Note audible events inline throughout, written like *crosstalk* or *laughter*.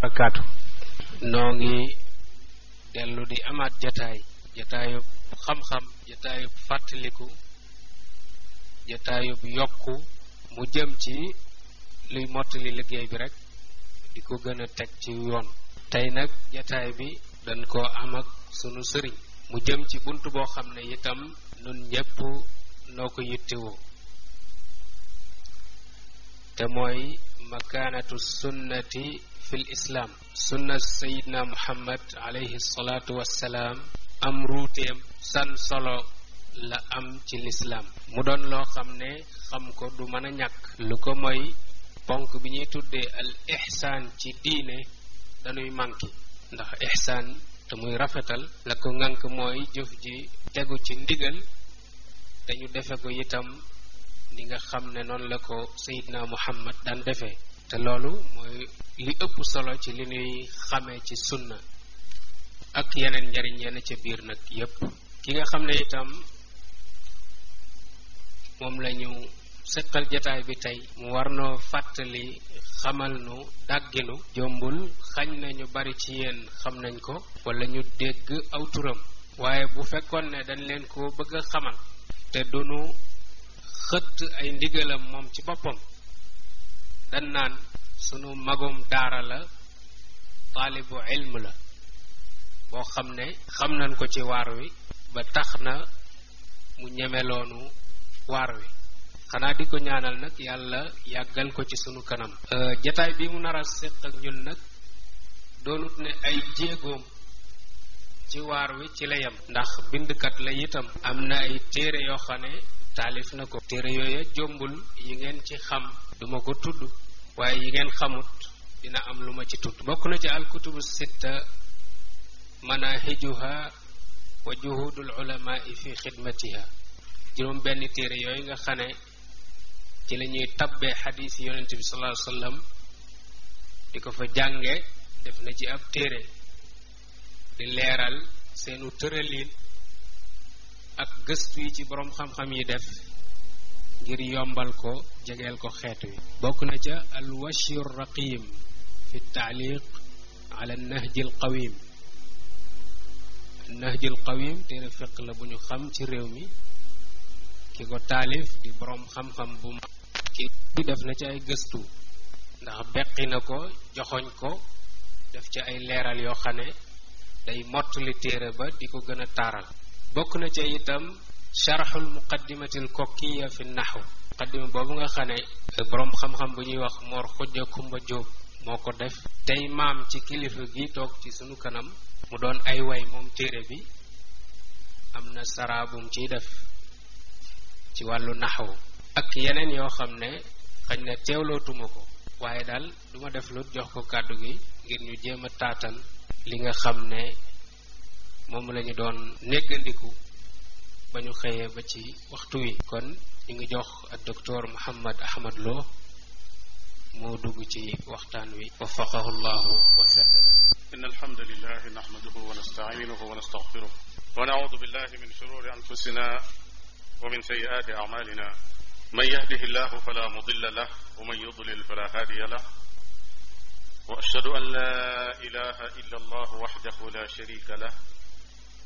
barakaatu noo ngi dellu di amaat jataay jataayub xam-xam jataayub fàttaliku jataayub yokku mu jëm ci luy mottali liggéey bi rek di ko gën a teg ci yoon tey nag jataay bi dañ ko am sunu sëriñ mu jëm ci bunt boo xam ne itam nun ñépp noo ko yittewoo te mooy makaanatu sunnati fi islaam sunna sayidna muhammad alayhi salaatu wassalaam am ruuteem san solo la am ci lislaam mu doon loo xam ne xam ko du mën a ñàkk lu ko mooy ponk bi ñuy tuddee al ixsaan ci diine dañuy manqué ndax ixsaan te muy rafetal la ko ngànk mooy jëf ji tegu ci ndigal dañu defe ko itam ni nga xam ne noonu la ko sayidna muhammad daan defee te loolu mooy li ëpp solo ci li ñuy xamee ci sunna ak yeneen njariñ yenn ca biir nag yépp ki nga xam ne itam moom la sëqal jataay bi tey mu war noo fàttali xamal nu dàgginu jombul xañ na ñu bari ci yéen xam nañ ko wala ñu dégg aw waaye bu fekkoon ne dañ leen ko bëgg a xamal te dunu xëtt ay ndigalam moom ci boppam dan naan sunu magum daara la taalibu ilm la boo xam ne xam nañ ko ci waar wi ba tax na mu ñemeloonu waar wi xanaa di ko ñaanal nag yàlla yàggal ko ci sunu kanam euh, jataay bi mu nar a séq ak ñun nag doonut ne ay jéegoom ci waar wi ci la yem ndax bindkat la itam am na ay téere yoo xam ne taalif na ko téere yooya jombul yi ngeen ci xam duma ko tudd waaye yi ngeen xamut dina am lu ma ci tudd bokk na ci alkutubu sitta manahijuha wa juhudul ulamai fi xidmatiha juróom benn téere yooyu nga xam ne ci la ñuy tabbee xadiis yi yonent bi sallallahu wasallam di ko fa jànge def na ci ab téere di leeral seenu tëraliin ak gëstu yi ci boroom xam-xam yi def ngir yombal ko jegeel ko xeet wi bokk na ca alwasyu raqim fi taaliq ala nahji alqawim nahji alqawim téere fiq la bu ñu xam ci réew mi ki ko taalif di boroom xam-xam bu ma ki def na ci ay gëstu ndax beqi na ko joxoñ ko def ci ay leeral yoo xam ne day mottali téere ba di ko gën a taaral sharxul muqaddimatil kokkiya fi naxw muqaddima boobu nga xam ne boroom xam-xam bu ñuy wax Mor Xujja Kumba Jóob moo ko def tey maam ci kilifa gi toog ci sunu kanam mu doon ay way moom téere bi am na saraabum ciy def ci wàllu naxw ak yeneen yoo xam ne xañ na teewlootuma ko waaye daal duma def lu jox ko kàddu gi ngir ñu jéem a taatan li nga xam ne moom lañu doon néggandiku ba ñu xëyee ba ci waxtu wi kon ñu ngi jox ak docteur Mouhammad Ahmad Lo moo dugg ci waxtaan wi waffaqahu llahu wa saddada inna alhamdulillah nahmaduhu wa nasta'inuhu wa nastaghfiruh wa na'udhu billahi min shururi anfusina wa min sayyi'ati a'malina man yahdihillahu fala mudilla lahu wa man yudlil fala hadiya lahu wa ashhadu an la ilaha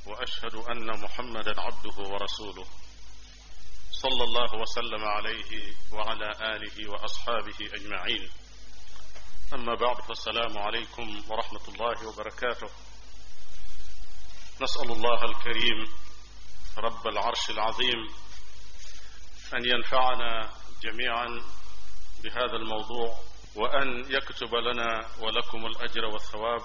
واشهد ان محمدا عبده ورسوله صلى الله وسلم عليه وعلى اله واصحابه اجمعين اما بعد فالسلام عليكم ورحمه الله وبركاته نسال الله الكريم رب العرش العظيم ان ينفعنا جميعا بهذا الموضوع وان يكتب لنا ولكم الاجر والثواب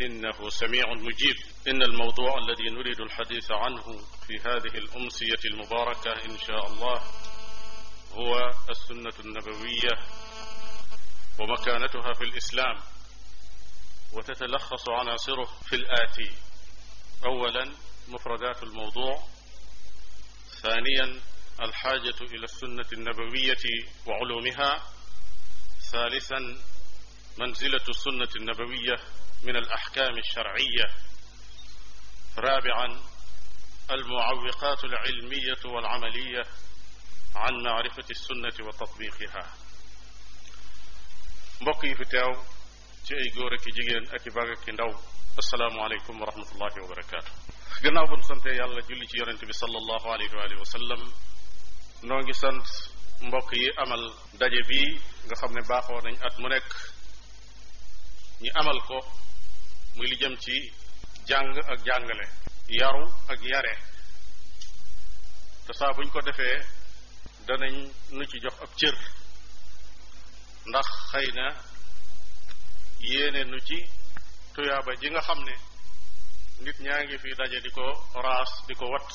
إنه سميع مجيب إن الموضوع الذي نريد الحديث عنه في هذه الأمسية المباركة إن شاء الله هو السنة النبوية ومكانتها في الإسلام وتتلخص عناصره في الآتي أولا مفردات الموضوع ثانيا الحاجة إلى السنة النبوية وعلومها ثالثا منزلة السنة النبوية من الأحكام الشرعية رابعا المعوقات العلمية والعملية عن معرفة السنة وتطبيقها mbokk yi fi teew ci ay góor ak i jigéen ak i bag ak i ndaw asalaamaaleykum wa rahmatullahi wa barakaatu. gannaaw bu ñu sante yàlla julli ci yonente bi sallallahu alayhi wa alihi wa sallam noo ngi sant mbokk yi amal daje bii nga xam ne baaxoo nañ at mu nekk ñi amal ko muy li jëm ci jàng ak jàngale yaru ak yare te buñ ko defee danañ nu ci jox ab cër ndax xëy na yéene nu ci tuyaaba ji nga xam ne nit ñaa ngi fi daje di ko raas di ko wat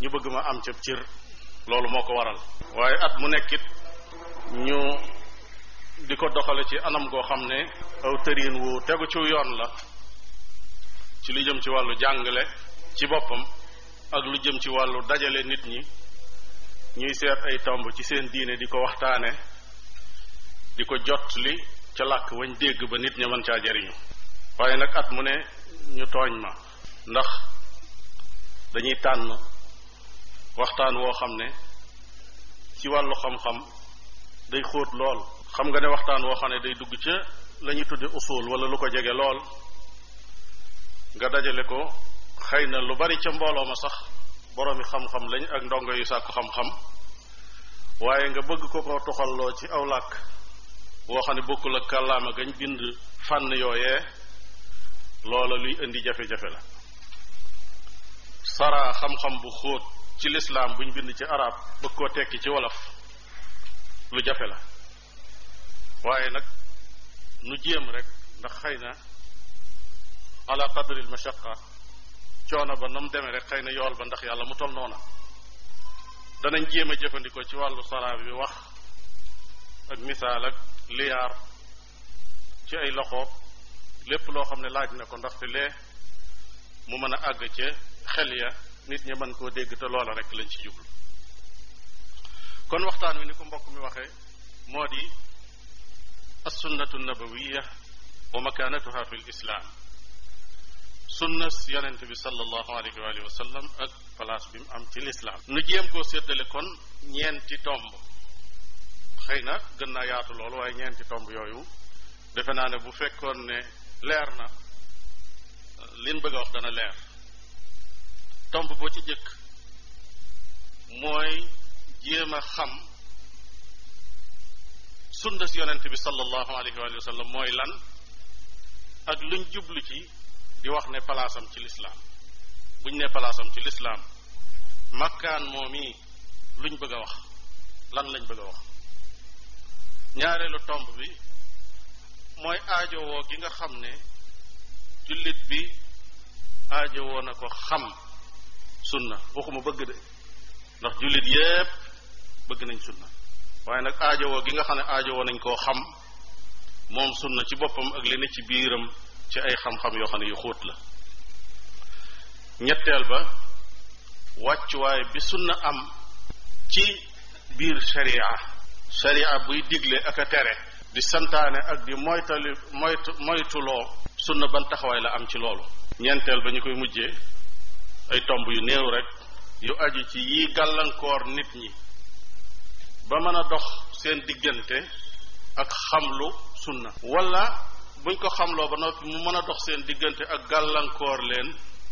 ñu bëgg ma am ca cër loolu moo ko waral waaye at mu nekkit ñu di ko doxale ci anam goo xam ne aw tëriin wu tegu ci yoon la ci lu jëm ci wàllu jàngale ci boppam ak lu jëm ci wàllu dajale nit ñi ñuy seet ay tomb ci seen diine di ko waxtaane di ko jot li ca làkk wañ dégg ba nit ña mën caa jariñu waaye nag at mu ne ñu tooñ ma ndax dañuy tànn waxtaan woo xam ne ci wàllu xam-xam day xóot lool xam nga ne waxtaan woo xam ne day dugg ca lañuy ñuy tudde usul wala lu ko jege lool nga dajale ko xëy na lu bari ca mbooloo ma sax boroomi xam-xam lañ ak ndongo yu sàkku xam-xam waaye nga bëgg ko ko toxalloo ci aw làkk woo xam ne bokkul ak kàllaama gañ bind fànn yooyee loola luy indi jafe-jafe la sara xam-xam bu xóot ci lislaam buñ bind ci arab bëgg koo tekki ci wolof lu jafe la waaye nag nu jéem rek ndax xëy na ala qadril mashaqa coono ba na demee rek xëy na yool ba ndax yàlla mu tol noona danañ jéem a jëfandikoo ci wàllu salaa bi wax ak misaal ak liyaar ci ay loxo lépp loo xam ne laaj na ko ndaxte lee mu mën a àgg ca xel ya nit ñi mën koo dégg te loola rek lañ ci jublu kon waxtaan wi ni ko mbokk mi waxee moo di assunnatu nabawiya wa makaanatuha fi lislaam sunna yonente bi sallallahu alayhi wa alihi wa sallam ak place bi mu am ci lislaam nu jéem koo séddale kon ñeenti tomb xëy na gën naa yaatu loolu waaye ñeenti tomb yooyu defe naa ne bu fekkoon ne leer na liñ bëgg a wax dana leer tomb boo ci jëkk mooy jéem a xam sunna si yonent bi sallallahu alayhi wa sallam mooy lan ak luñ jublu ci di wax ne palaasam ci lislaam buñ ne palaasam ci lislaam makkaan moomi luñ bëgg a wax lan lañ bëgg a wax ñaareelu tomb bi mooy aajowoo gi nga xam ne jullit bi aajowoo na ko xam sunna waxuma bëgg de ndax jullit yépp bëgg nañ sunna waaye nag aajowoo gi nga xam ne woo nañ koo xam moom sunna ci boppam ak li ne ci biiram ci ay xam-xam yoo xam ne yu xóot la ñetteel ba wàccuwaay bi sunna am ci biir sharia sharia buy digle ak tere di santaane ak di moytali moytu moytuloo sunna ban taxawaay la am ci loolu ñeenteel ba ñu koy mujjee ay tomb yu néew rek yu aju ci yii gàllankoor nit ñi ba mën a dox seen diggante ak xamlu sunna wala buñ ko xamloo ba noppi mu mën a dox seen diggante ak gàllankoor leen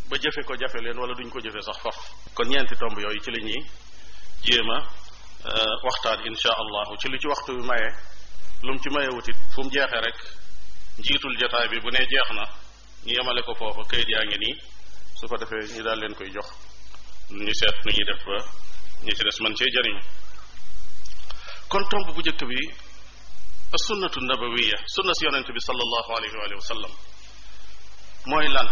ba jëfe ko jafe leen wala duñ ko jëfe sax faf kon ñeenti tomb yooyu ci la ñi jéem a euh, waxtaan insha allahu ci li ci waxtu bi maye lu mu ci maye wutit fu jeexee rek njiitul jataay bi bu nee jeex na ñu yemale ko foofa kayit yaa ngi nii su ko defee ñu daal leen koy jox ñu seet nu ñuy def ba ñu ci des man cee jëriñu kon tomb bu njëkk bi sunnatu nabawiya sunna si yonent bi sallallahu alayhi wa alihi wa sallam mooy lan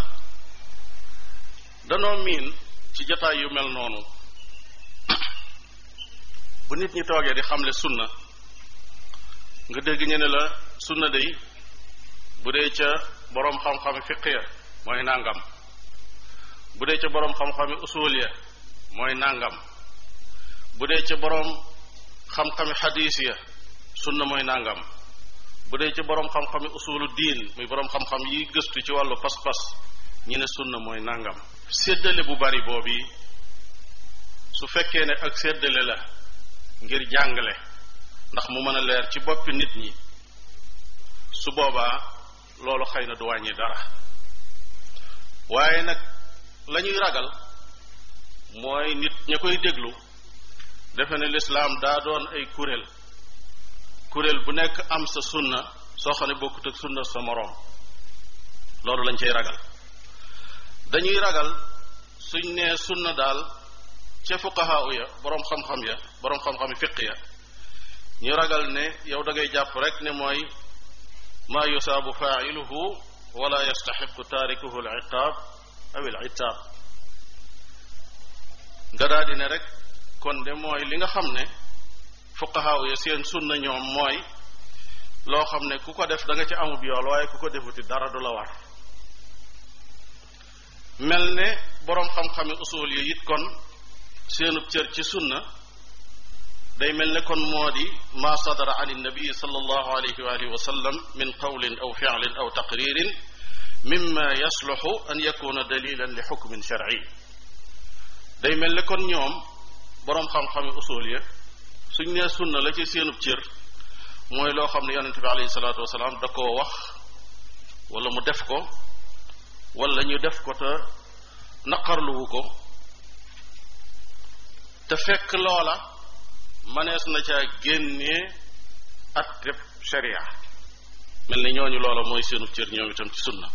danoo miin ci jataay yu mel noonu *coughs* bu nit ñi toogee di xamle sunna nga dégg ñu ne la sunna day bu dee ca boroom xam-xami fiqiya mooy bu dee ca boroom xam-xami mooy nàngam bu dee ca boroom xam-xami xadiis ya sunna mooy nangam bu dee ci boroom xam-xami usulu diin muy borom xam-xam yi gëstu ci wàllu pas-pas ñi ne na mooy nangam. séddale bu bari boobu su fekkee ne ak séddale la ngir jàngale ndax mu mën a leer ci boppi nit ñi su boobaa loolu xëy na du wàññi dara waaye nag lañuy ñuy ragal mooy nit ña koy déglu. defe ne lislaam daa doon ay kuréel kuréel bu nekk am sa sunna soo xam ne bokkut ak sunna sa moroom loolu lañ cay ragal dañuy ragal suñ nee sunna daal ca fuqahaa ya boroom xam-xam ya boroom xam-xam fiq ya ñu ragal ne yow dangay jàpp rek ne mooy maa yusaabu faailuhu wala yastaxiqu taarikuhu al iqaab aw al itaab nga daal di rek kon de mooy li nga xam ne fuqahaaw ya seen sunna ñoom mooy loo xam ne ku ko def da nga ci amub yool waaye ku ko defuti dara du la war mel ne boroom xam-xami usul yi it kon seenub cër ci sunna day mel ne kon moo di maa sadara an innabii sallallahu alayhi wa alihi wa sallam min qawlin aw fi'lin aw taqririn mimma yasluxu an yakuna dalilan li xukmin shar'i day mel ne kon ñoom boroom xam-xami usul ya suñ nee sunna la ci seenub cër mooy loo xam ne yonent bi alayhi salaatu wasalaam da koo wax wala mu def ko wala ñu def ko te naqarluwu ko te fekk loola manees na caa génnee atteb sharia mel ni ñooñu loola mooy seenub cër ñoom itam ci sunna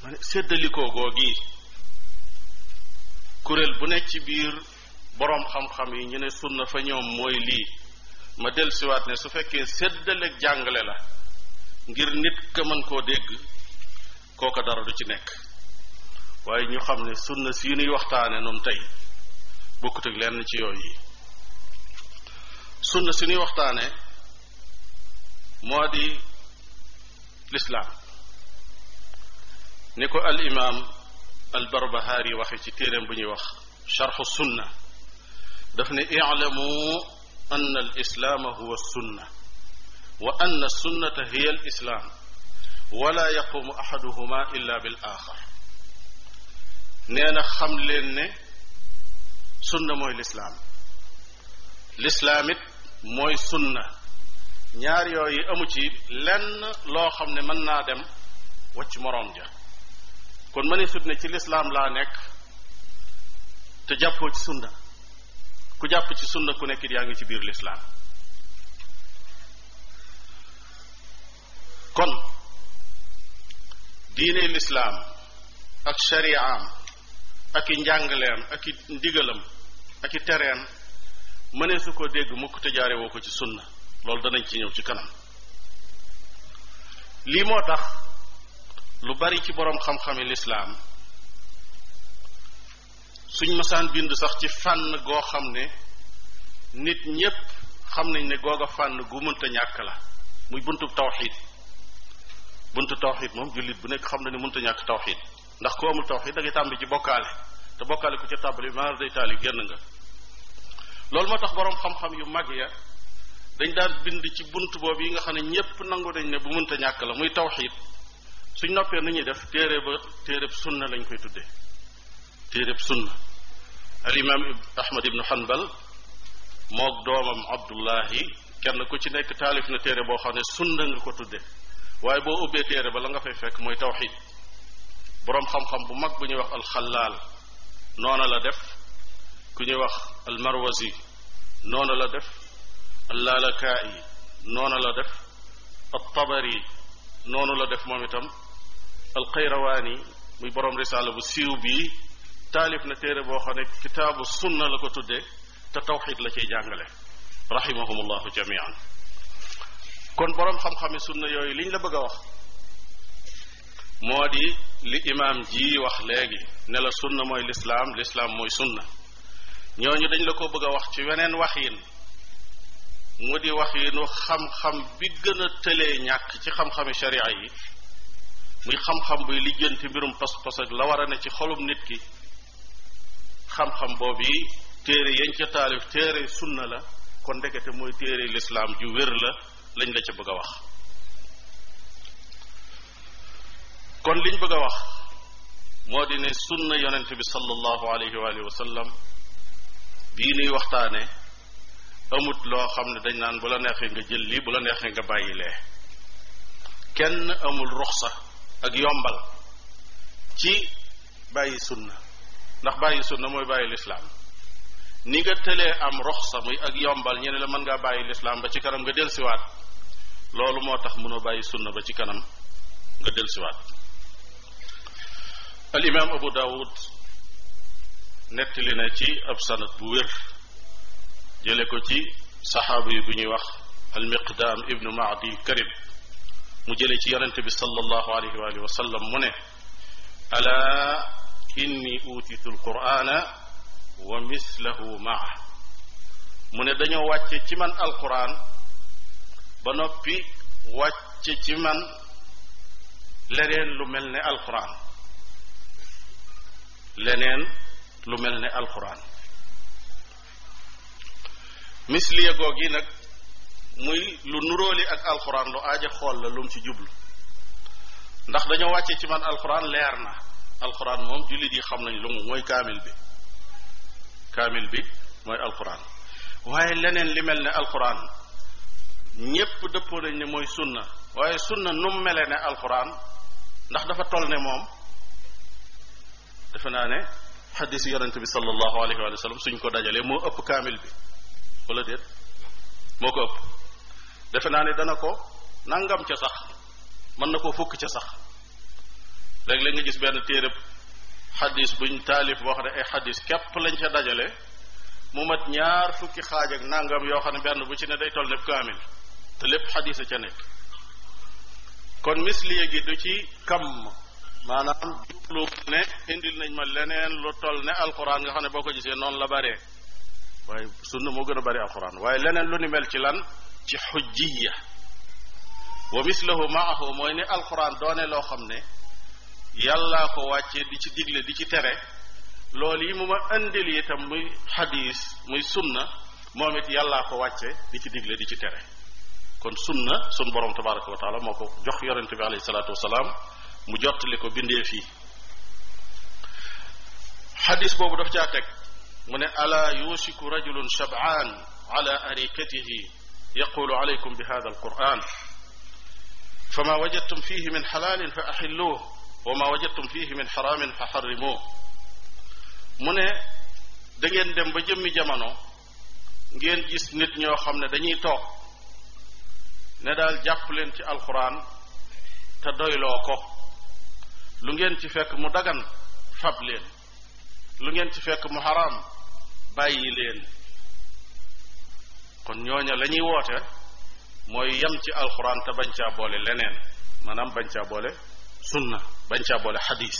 ma ne séddalikoo gii kuréel bu nekk ci biir boroom xam-xam yi ñu ne sunna fa ñoom mooy lii ma dellusiwaat ne su fekkee séddale jàngale la ngir nit ka mën koo dégg kooka dara du ci nekk waaye ñu xam ne sunna si nuy waxtaane noonu tey bokkut lenn ci yooyu yi sunna si nuy waxtaane moo di lislaam ni ko al imaam albarbahaari waxe ci téeréem bu ñuy wax charxu sunna daf ne ilamu ann alislaama huwa sunna wa ann alsunnata hiya alislaam wala yaqumu axaduhuma illa bil axar nee na xam leen ne sunna mooy lislaam lislaam it mooy sunna ñaar yooyu amu ci lenn loo xam ne mën naa dem wacc moroom ja kon ma ne sut na ci lislaam laa nekk te jàppoo ci sunna ku jàpp ci sunna ku nekkit yaa ngi ci biir lislaam kon diine lislaam ak shariaam ak i njàngaleem ak i ndigalam ak i tereem mënee su ko dégg mukk te jaare ko ci sunna loolu danañ ci ñëw ci kanam lii moo tax lu bari ci boroom xam-xami lislaam suñ masaan bind sax ci fànn goo xam ne nit ñépp xam nañ ne googa fànn gu mënta ñàkk la muy buntu tawxid buntu tawxid moom jullit bu nekk xam na ne mënta ñàkk tawxid ndax ku amul tawxid da ngay tàmbi ci bokkaale te bokkaale ku ca tàmbali maar day taali génn nga loolu moo tax boroom xam-xam yu mag ya dañ daan bind ci bunt boobu yi nga xam ne ñépp nangu dañ ne bu mënta ñàkk la muy tawxid suñ noppee nu ñuy def téere ba téereb sunna lañ koy tuddee téereb sunna al imam ahmad ibnu hanbal mook doomam abdullahi kenn ku ci nekk taalif na téere boo xam ne sunna nga ko tudde waaye boo ubbee téere ba la nga fay fekk mooy tawxid boroom xam-xam bu mag bu ñuy wax alxalaal noona la def ku ñuy wax almarwazi noona la def allalakaa'i noona la def altabari noonu la def moom itam alxayrawaani muy borom risaala bu siiw bii taalif na téere boo xam ne kitaabu sunna la ko tuddee te tawxid la ciy jàngale rahimahumullahu jamian kon boroom xam-xami sunna yooyu liñ la bëgg a wax moo di li imaam ji wax léegi ne la sunna mooy lislaam lislaam mooy sunna ñooñu dañ la ko bëgg a wax ci weneen waxin mu di waxinu xam-xam bi gën tëlee ñàkk ci xam-xami sharia yi muy xam-xam buy lijjanti mbirum pas-pas ak la war a ci xolum nit ki xam-xam boobu yi téere yañ ca taalif téere sunna la kon ndekete mooy téere lislaam ju wér la lañ la ca bëgg a wax kon liñ bëgg a wax moo di ne sunna yonent bi sallallahu alayhi wa alihi wa sallam bii nuy waxtaane amut loo xam ne dañ naan bu la neexee nga jël lii bu la neexee nga bàyyi lee kenn amul ruxsa ak yombal ci bàyyi sunna ndax bàyyi sunna mooy bàyyi lislaam ni nga tëlee am roxsa muy ak yombal ñene la mën ngaa bàyyi lislaam ba ci kanam nga delsiwaat loolu moo tax mënoo bàyyi sunna ba ci kanam nga delsiwaat al imaam abu daawud nettali na ci ab sanad bu wér jële ko ci saxaaba yi bu ñuy wax al miqdaam ibnu maadi karib mu jëlee ci yonente bi sallallahu alayhi wa alihi wa sallam mu ne ala inni utitu alqurana wa mislahu maa mu ne dañoo wàcce ci man alquran ba noppi wàcce ci man leneen lu mel ne alquran leneen lu mel ne alquran misliya muy lu nuróoli ak alxuraan lu aaja xool la lu ci jublu ndax dañoo wàccee ci man alxuraan leer na alxuraan moom jullit yi xam nañ lu mu mooy kaamil bi kaamil bi mooy alxuraan waaye leneen li mel ni alxuraan ñépp dëppoo nañ ne mooy sunna waaye sunna nu mu mele ne alxuraan ndax dafa toll ne moom defe naa ne xadiis yonente bi sallallahu alayhi wa sallam suñ ko dajalee moo ëpp kaamil bi wala déet moo ko ëpp defe naa ne dana ko nangam ca sax mën na koo fukk ca sax léeg lañ nga gis benn téere xadis buñ taalif boo xam ne ay xadis képp lañ ca dajale mu mat ñaar fukki xaaj nangam yoo xam ne benn bu ci ne day toll nepp kaamil te lépp xadis a ca nekk kon misliye gi du ci kam maanaam jublu ne indil nañ ma leneen lu toll ne alxuraan nga xam ne boo ko gisee noonu la bare waaye sunna moo gën a bari alxuraan waaye leneen lu ni mel ci lan ci xujjiya wa mislahu maahu mooy ni alquran doone loo xam ne yàllaa ko wàcce di ci digle di ci tere loolu yi mu ma indil itam muy xadiis muy sunna moom it yàllaa ko wàcce di ci digle di ci tere kon sunna sun borom tabaraka wa moo ko jox yonente bi alayhi salaatu wasalaam mu jottali ko bindee fii xadis boobu daf caa teg mu ne ala yusiku rajulun shabaan arikatihi yaqulu alaykum bi hada alquran fama wajadtum fihi min xalaalin fa axilluuh wa ma wajadtum fihi min xaraamin fa xarrimuuh mu ne dangeen dem ba jëmmi jamono ngeen gis nit ñoo xam ne dañuy toog ne daal jàpp leen ci alquran te doyloo ko lu ngeen ci fekk mu dagan fab leen lu ngeen ci fekk mu xaraam bàyyi leen kon ñooña lañuy woote mooy yam ci alxuraan te bañ caa boole leneen maanaam bañ caa boole sunna bañ caa boole xadiis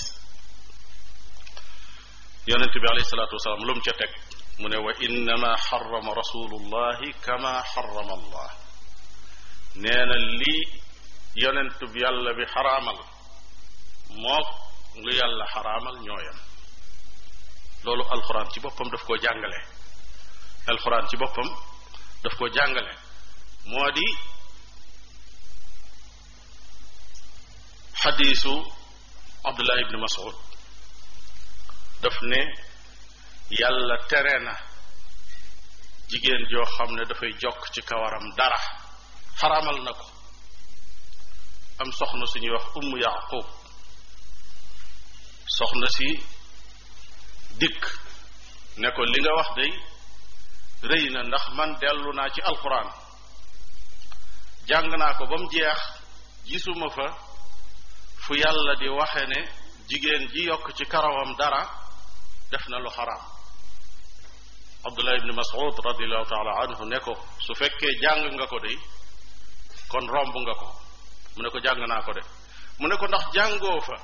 yonent bi alayhi salaatu wasalaam lu mu ca teg mu ne wa innama xarama rasulullahi kama xarama allah nee na lii yonent bi yàlla bi xaraamal mook lu yàlla xaraamal ñooyam loolu alxuraan ci boppam daf koo jàngale alxuraan ci boppam daf ko jàngale moo di xadiisu abdullah ibni masud daf ne yàlla tere na jigéen joo xam ne dafay jokk ci kawaram dara xaramal na ko am soxna suñuy wax umm yaqub soxna si dikk ne ko li nga wax day rëy na ndax man dellu naa ci alquran jàng naa ko ba jeex gisuma fa fu yàlla di waxe ne jigéen ji yokk ci karawam dara def na lu xaraam abdullah ibni mas'ud radiallahu taala anhu ne su fekkee jàng nga ko de kon romb nga ko mu ne ko jàng naa ko de mu ne ko ndax jàngoo fa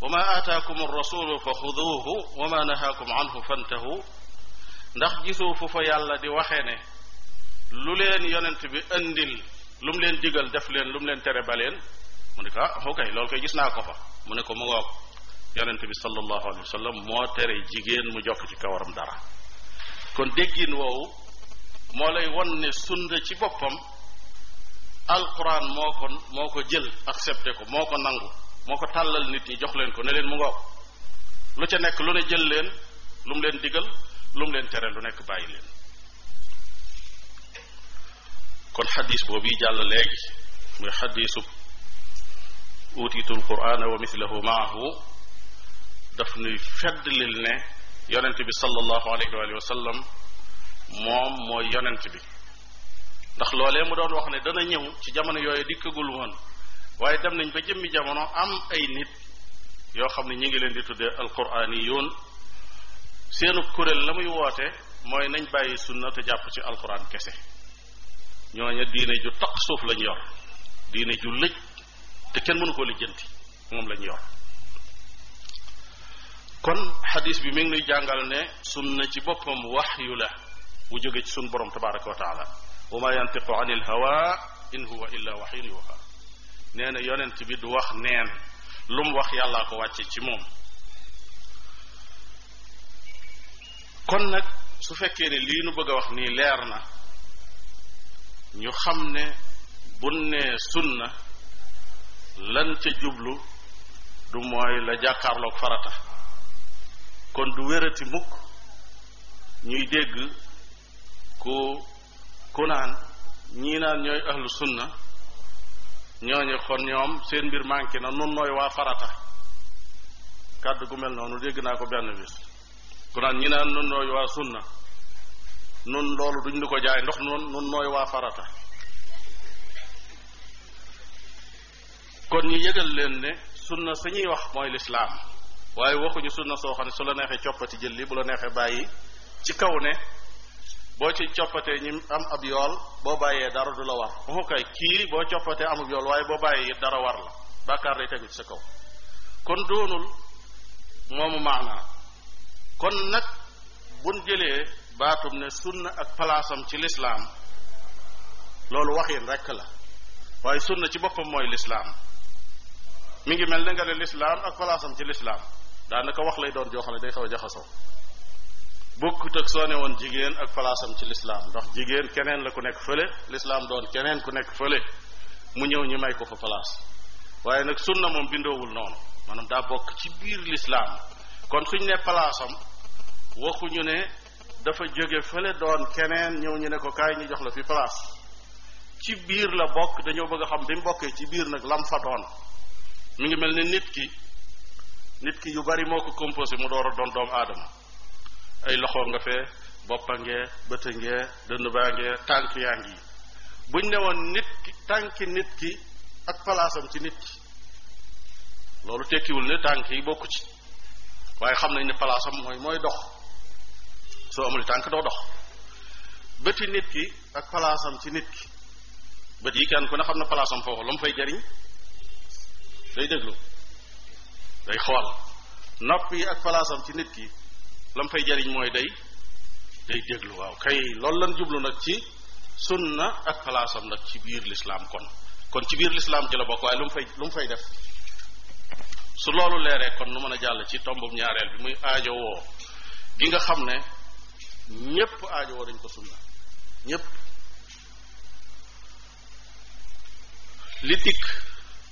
wa ma aataakum ar rasulu fa xuduuhu wa ma nahaakum anhu fantahu ndax gisoo fu yàlla di waxee ne lu leen yonent bi andil lu mu leen digal def leen lu mu leen tere ba leen mu ne ko ah ok loolu koy gis naa ko fa mu ne ko mu ngoog yonent bi sallallahu alayhi wa sallam moo tere jigéen mu jokk ci kawaram dara kon déggin woowu moo lay won ne sunna ci boppam alquran moo ko moo ko jël accepté ko moo ko nangu moo ko tàllal nit ñi jox leen ko ne leen mu ngoog lu ca nekk lu ne jël leen lu mu leen digal lu mu leen tere lu nekk bàyyi leen kon xadis boobu yi jàll léegi muy xadisu utitu alqurana wa mithlahu maahu daf nuy feddlil ne yonent bi sallallahu alayhi wa sallam moom mooy yonent bi ndax loolee mu doon wax ne dana ñëw ci jamono yooyu dikkagul woon waaye dem nañ ba jëmmi jamono am ay nit yoo xam ne ñu ngi leen di tuddee alquraaniyuun seenu kuréel la muy woote mooy nañ bàyyi sunna te jàpp ci alxuraan kese ñooña diine ju taq suuf lañu yor diine ju lëj te kenn mënu koo lijjanti moom lañ yor kon xadis bi mi ngi nuy jàngal ne sunna ci boppam waxyu la bu jóge ci sun borom tabaraka wa taala wa ma yantiqu an il hawa in huwa illa waxyun yuha nee na yonent bi du wax neen lu mu wax yàllaa ko wàcce ci moom kon nag su fekkee ne lii nu bëgg a wax nii leer na ñu xam ne buñ nee sunna lan ca jublu du mooy la jàkkaarloog farata kon du wérati mukk ñuy dégg ku ku naan ñii naan ñooy ahlu sunna ñooñu kon ñoom seen mbir manqué na nun nooy waa farata kàddu ku mel noonu dégg naa ko benn bis ku naan ñi naan nun nooy waa sunna nun loolu duñ lu ko jaay ndox nun nun nooy waa farata kon ñi yëgal leen ne sunna suñuy wax mooy lislaam waaye waxuñu sunna soo xam ne su la neexee coppati jël li bu la neexee bàyyi ci kaw ne boo ci coppatee ñi am ab yool boo bàyyee dara du la war bu kay kii boo coppatee amub yool waaye boo bàyyee dara war la bàkkaar day tegu ci sa kaw kon doonul moomu maanaa kon nag buñ jëlee baatum ne sunna ak palaasam ci lislaam loolu waxin rekk la waaye sunna ci boppam mooy lislaam mu ngi mel na nga ne lislaam ak palaasam ci lislaam daanaka wax lay doon joo day xaw a jaxasoo bokkut ak soo ne woon jigéen ak palaasam ci lislaam ndax jigéen keneen la ku nekk fële lislaam doon keneen ku nekk fële mu ñëw ñu may ko fa palaas waaye nag sunna moom bindoowul noonu maanaam daa bokk ci biir lislaam kon suñ ne palaasam waxuñu ne dafa jóge fële doon keneen ñëw ñu ne ko kaay ñu jox la fi place ci biir la bokk dañoo bëgg a xam bi mu bokkee ci biir nag lam fa doon mu ngi mel ni nit ki nit ki yu bari moo ko composé mu door a doon doomu aadama ay loxo nga fee boppa ngee bëtë ngee dënd baa ngee tànk yaa ngi buñ ne woon nit ki tànki nit ki ak palaasam ci nit ki loolu tekkiwul ne tànk yi bokk ci waaye xam nañ ne palaasam mooy mooy dox soo amul tànk doo dox bëti nit ki ak palaasam ci nit ki bët yi kenn ku ne xam na palaasam foofu lu mu fay jariñ day déglu day xool nopp yi ak palaasam ci nit ki la mu fay jariñ mooy day day déglu waaw kay loolu lan jublu nag ci sunna ak palaasam nag ci biir lislaam kon kon ci biir lislaam ci la bokk waaye lu mu fay lu mu fay def su loolu leeree kon lu mën a jàll ci tombum ñaareel bi muy aajo woo gi nga xam ne ñépp aajo woo dañ ko sunna ñépp li dikk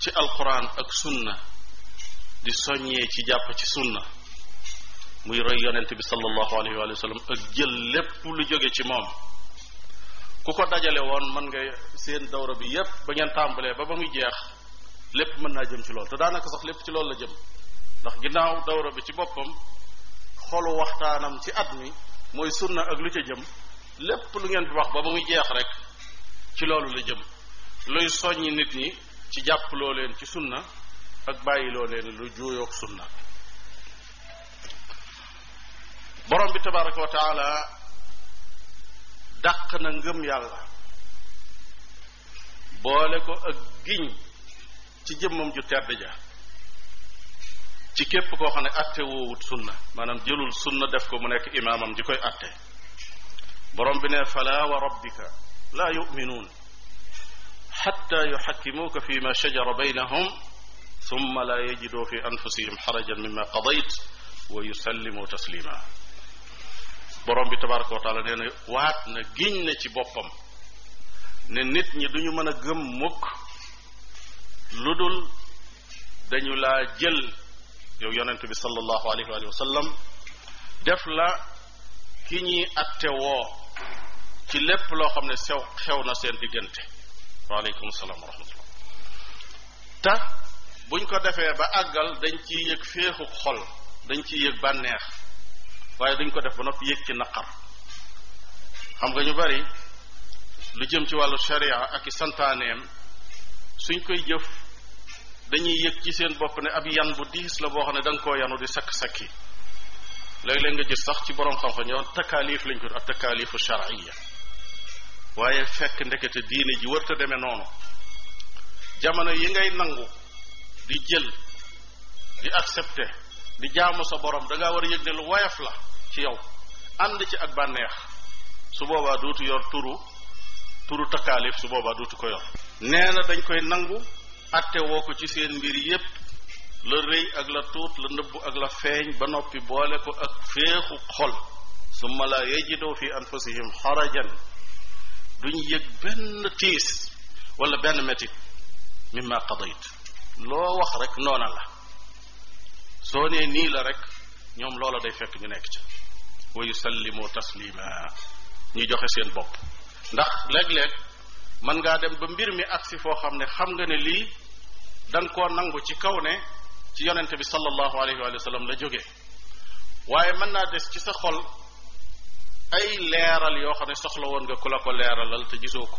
ci alquran ak sunna di soññee ci jàpp ci sunna muy roy yonent bi sallallahu alayhi wa sallam ak jël lépp lu jóge ci moom ku ko dajale woon mën nga seen dawra bi yépp ba ngeen tàmbalee ba ba muy jeex lépp mën naa jëm ci lool te daanaka sax lépp ci loolu la jëm ndax ginnaaw dawra bi ci boppam xolu waxtaanam ci at mi mooy sunna ak lu ca jëm lépp lu ngeen di wax ba ba muy jeex rek ci loolu la jëm luy soññi nit ñi ci jàppaloo leen ci sunna ak bàyyiloo leen lu juuyoog sunna borom bi tabaraka wa taala dàq na ngëm yàlla boole ko ak giñ ci jëmmam ju tedd ja ci képp koo xam ne atte woowut sunna maanaam jëlul sunna def ko mu nekk imaamam ji koy atte borom bi ne fala wa rabbika laa yuminuun xatta yuxakkimuuka fi ma shajara baynahum summa laa yajidoo fi anfusihim xarajan mimma qadayt wa yusallimu taslima borom bi tabaraka wa taala nee na waat na giñ na ci boppam ne nit ñi duñu mën a gëm mukk lu dul dañu laa yow yonent bi sallallahu alayhi wa sallam def la ki ñuy atte woo ci lépp loo xam ne sew xew na seen diggante waaleykum salaam wa rahmatullah buñ ko defee ba àggal dañ ciy yëg féexu xol dañ ci yëg bànneex waaye dañ ko def ba noppi yëg ci naqar xam nga ñu bari lu jëm ci wàllu sharia ak i santaaneem suñ koy jëf dañuy yëg ci seen bopp ne ab yan bu diis la boo xam ne da nga koo yanu di sakk-sakk yi léeg-léeg nga gis sax ci borom xam-xam ñoo takaalif lañ ko ab takaalifu charia waaye fekk ndekete diine ji wërta demee noonu jamono yi ngay nangu di jël di accepter di jaamu sa borom da ngaa war a yëg ne lu woyof la ci yow ànd ci ak bànneex su boobaa dootu yor turu turu takaalif su boobaa dootu ko yor nee na dañ koy nangu atte woo ko ci seen mbir yépp la rëy ak la tuut la nëbbu ak la feeñ ba noppi boole ko ak féexu xol summa la yajidoo fi anfusihim xarajan duñ yëg benn tiis walla benn métit mimma qadayt loo wax rek noona la soo nee nii la rek ñoom loola day fekk ñu nekk ca wa yusallimu taslima ñu joxe seen bopp ndax léeg-léeg mën ngaa dem ba mbir mi agsi foo xam ne xam nga ne lii da ko nangu ci kaw ne ci yonente bi sallallahu alayhi wa sallam la jóge waaye mën naa des ci sa xol ay leeral yoo xam ne soxla woon nga ku la ko leeralal te gisoo ko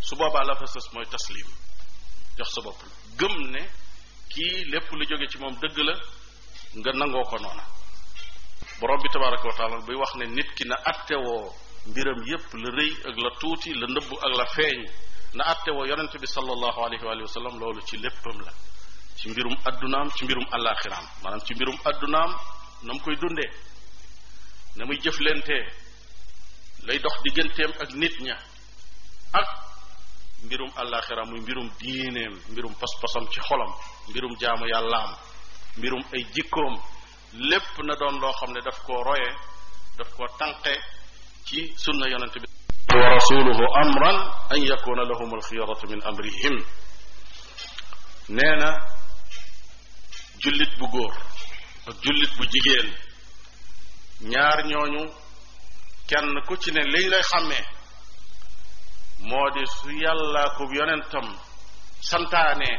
su boobaa la fa sës mooy taslim jox sa bopp gëm ne kii lépp lu jóge ci moom dëgg la nga nangoo ko noona borom bi tabaraka wa taala buy wax ne nit ki na attewoo mbiram yépp la rëy ak la tuuti la nëbb ak la feeñ na atte woo yonent bi sallallahu alayhi wa sallam loolu ci léppam la ci mbirum àddunaam ci mbirum alaxiraam maanaam ci mbirum addunaam na koy dundee na muy lay dox digganteem ak nit ña ak mbirum diineem mbirum pas-pasam ci xolam mbirum jaamu yàllaam mbirum ay jikkoom lépp na doon loo xam ne daf ko roye daf koo tànqe ci sunna yonente bi wa rasuluhu amran an yakuna lahum alxiyaratu min amrihim nee na jullit bu góor ak jullit bu jigéen ñaar ñooñu kenn ku ci ne liñ lay xàmmee moo di su yàlla ku yonentam santaane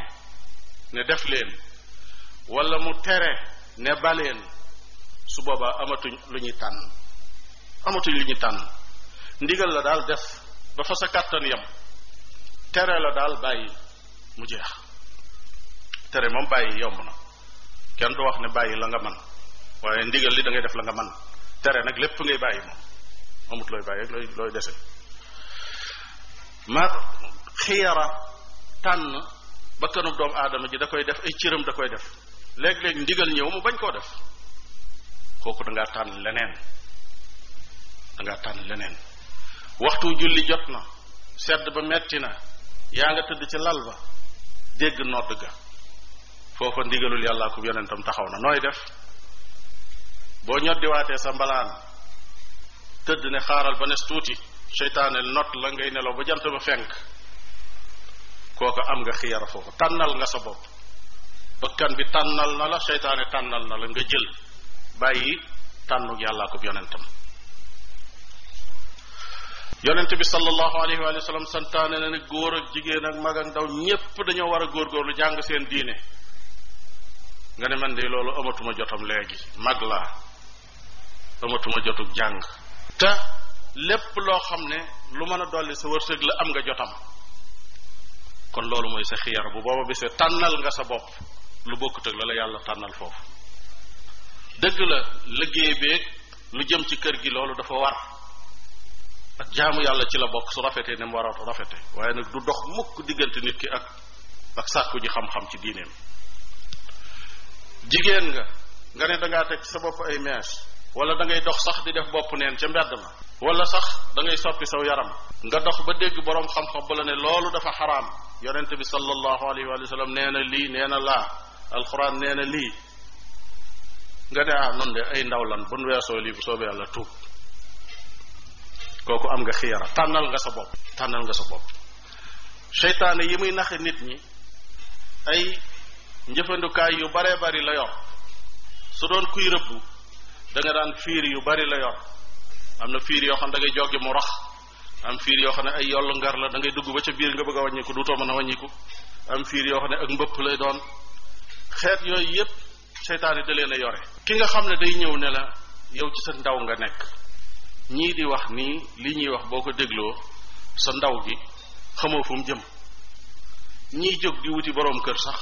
ne def leen wala mu tere ne baleen su boobaa amatuñ lu ñuy tànn amatuñ li ñu tànn ndigal la daal def ba fa sa kàttan yam tere la daal bàyyi mu jeex tere moom bàyyi yomb na kenn du wax ne bàyyi la nga man waaye ndigal li dangay def la nga man tere nag lépp ngay bàyyi moom amut looy bàyyi looy looy dese ma xiyara tànn bakkanu doomu aadama ji da koy def ay cëram da koy def léeg-léeg ndigal ñëw mu bañ koo def kooku dangaa tànn leneen da nga tànn leneen waxtu julli jot na sedd ba metti na yaa nga tëdd ci lal ba dégg nodd ga foofa ndigalul yàllaa ko yonentam taxaw na nooy def boo ñoddiwaatee sa mbalaan tëdd ne xaaral ba nes tuuti seytaane not la ngay nelaw ba jant ba fenk kooku am nga xiyara foofu tànnal nga sa bopp bakkan bi tànnal na la seytaane tànnal na la nga jël bàyyi tànnuk yàllaa ko yonentam yonent bi sallallahu alayhi wa sallam santaane na ne góor ak jigéen ak mag ak ndaw ñépp dañoo war a góorgóorlu jàng seen diine nga ne man de loolu amatuma jotam léegi mag la amatuma jotug jàng te lépp loo xam ne lu mën a dolli sa wërsëg la am nga jotam kon loolu mooy sa xiyar bu booba bisee tànnal nga sa bopp lu bokkut ak la la yàlla tànnal foofu dëgg la liggéey beeg lu jëm ci kër gi loolu dafa war ak jaamu yàlla ci la bokk su rafetee ne mu war rafete waaye nag du dox mukk diggante nit ki ak ak sàkku ji xam-xam ci diineem jigéen nga nga ne dangaa teg sa bopp ay mees wala da ngay dox sax di def bopp neen ca mbedd ma wala sax da ngay soppi saw yaram nga dox ba dégg boroom xam-xam ba la ne loolu dafa xaraam yonente bi sallallahu alayhi wa sallam nee na lii nee na laa alxuraan nee na lii nga ne ah noonu de ay ndaw lan bu nu weesoo lii bu soobee yàlla tuub kooku am nga xiyara tànnal nga sa bopp tànnal nga sa bopp seytaane yi muy naxe nit ñi ay njëfandukaay yu baree bari la yor su doon kuy rëbbu da daan fiir yu bari la yor am na fiir yoo xam da ngay joggi mu rax am fiir yoo xam ne ay yollu ngar la da ngay dugg ba ca biir nga bëgg a wàññiku duutoo mën a wàññiku am fiir yoo xam ne ak mbëpp lay doon xeet yooyu yépp seytaan yi da leen yore ki nga xam ne day ñëw ne la yow ci sa ndaw nga nekk ñii di wax nii li ñuy wax boo ko dégloo sa ndaw gi xamoo fu mu jëm ñii jóg di wuti boroom kër sax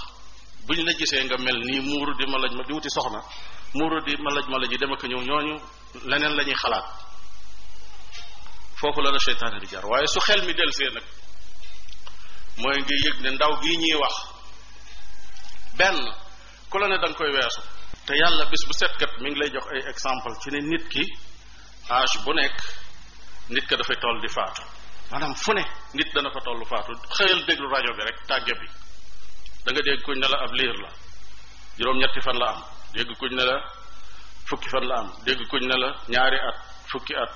buñ la gisee nga mel nii muuru di ma laj ma di wuti soxna muuru di ma laj ma la ji dem ak ñëw ñooñu leneen la ñuy xalaat foofu la la seytaane di jar waaye su xel mi delsee nag mooy ngi yëg ne ndaw gi ñuy wax benn ku la ne da koy weesu te yàlla bis bu set kat mi ngi lay jox ay exemple ci ne nit ki âge bu nekk nit ka dafay toll di faatu maanaam fu ne nit dana ko toll faatu xëyal déglu rajo bi rek tàgge bi danga dégg kuñ ne la ab liir la juróom-ñetti fan la am dégg kuñ ne la fukki fan la am dégg kuñ ne la ñaari at fukki at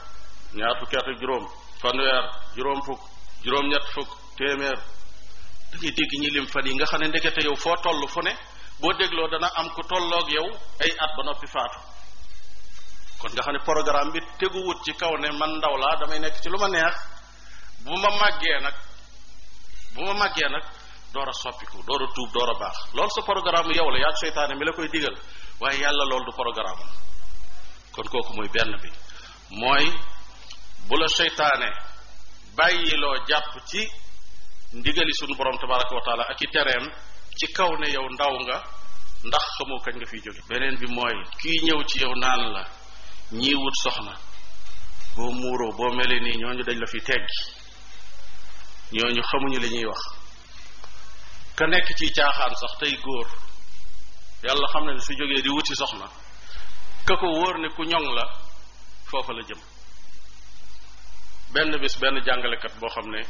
ñaar fukki at ak juróom fanweer juróom fukk juróom-ñett fukk téeméer da dégg ñi lim fan yi nga xam ne ndekete yow foo toll fu ne boo dégloo dana am ku tollook yow ay at ba noppi faatu kon nga xam ne programme bi teguwut ci kaw ne man ndaw laa damay nekk ci lu ma neex bu ma màggee nag bu ma màggee nag door a soppiku door a tuub door a baax lool sa programme yow la yaa seytaane mi la koy digal waaye yàlla loolu du programme kon kooku muy benn bi mooy bu la seytaane bàyyiloo jàpp ci ndigali sunu borom tabaraka wa taala i tereem ci kaw ne yow ndaw nga ndax xamoo kañ nga fi jóge beneen bi mooy kii ñëw ci yow naan la ñii wut soxna boo muuroo boo mele nii ñooñu dañ la fi teggi ñooñu xamuñu li ñuy wax ka nekk ci caaxaan sax tey góor yàlla xam na ne su jógee di wuti soxna ka ko wóor ne ku ñoŋ la foofa la jëm benn bis benn jàngalekat boo xam ne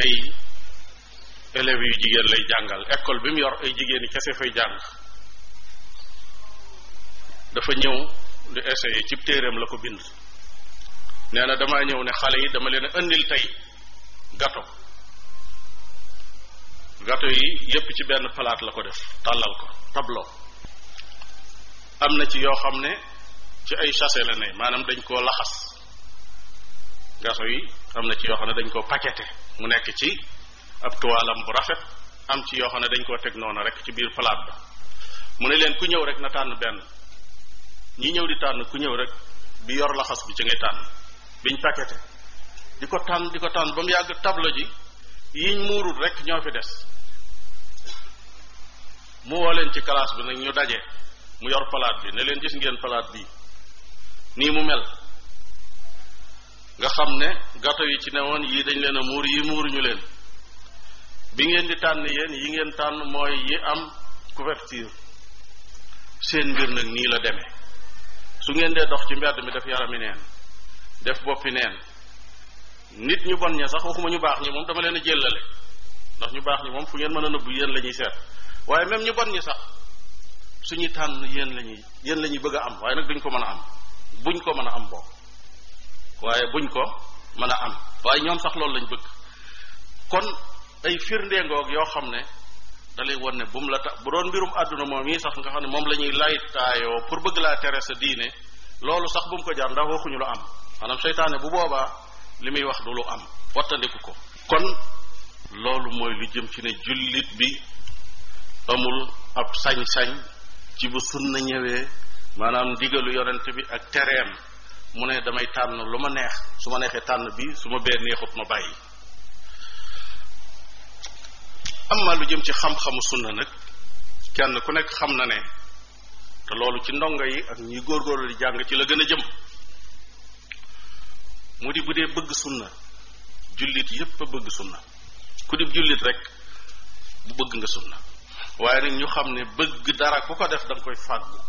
ay élèves yu jigéen lay jàngal école bi mu yor ay jigéen yi kese fay jàng dafa ñëw di essayer cib téereem la ko bind nee na damaa ñëw ne xale yi dama leen indil tey gato gato yi yépp ci benn palaat la ko def tàllal ko tableau am na ci yoo xam ne ci ay sachet la ne maanaam dañ koo laxas gato yi am na ci yoo xam ne dañ koo paqueté mu nekk ci ab tuwaalam bu rafet am ci yoo xam ne dañ koo teg noonu rek ci biir palaat ba mu ne leen ku ñëw rek na tànn benn ñi ñëw di tànn ku ñëw rek bi yor laxas bi ci ngay tànn biñ paqueté di ko tànn di ko tànn ba mu yàgg tableau ji yiñ muurul rek ñoo fi des mu woo leen ci kalaas bi nag ñu daje mu yor palaat bi ne leen gis ngeen palaat bi nii mu mel nga xam ne gâteau yi ci newoon yii dañ leen a muur yi muuruñu leen bi ngeen di tànn yéen yi ngeen tànn mooy yi am couverture seen mbir nag nii la demee su ngeen dee dox ci mbedd mi def yarami neen def boppi neen nit ñu bon ña sax waxuma ñu baax ñi moom dama leen a jëllale ndax ñu baax ñi moom fu ngeen mën a nëbbu yéen la ñuy seet waaye même ñu bon ñi sax suñu tànn yéen la ñuy yéen la bëgg a am waaye nag duñ ko mën a am buñ ko mën a am bokk waaye buñ ko mën a am waaye ñoom sax loolu lañ bëgg kon ay firndeengoog yoo xam ne dalay won ne bu mu la tax bu doon mbirum àdduna moom yi sax nga xam ne moom la ñuy laytaayoo pour bëgg laa tere sa diine loolu sax bu mu ko jaar ndax waxuñu lu am maanaam seytaane bu boobaa li muy wax du lu am wattandiku ko kon loolu mooy lu jëm ci ne jullit bi amul ab sañ-sañ ci bu sunna ñëwee maanaam ndigalu yonent bi ak tereem mu ne damay tànn lu ma neex su ma neexee tànn bi su ma bee neexut ma bàyyi amma lu jëm ci xam-xamu sunna nag kenn ku nekk xam na ne te loolu ci ndongo yi ak ñuy góorgóorlu di jàng ci la gën a jëm mu di bu dee bëgg sunna jullit yépp a bëgg sunna ku di jullit rek bu bëgg nga sunna waaye nag ñu xam ne bëgg dara ku ko def da koy fàggu da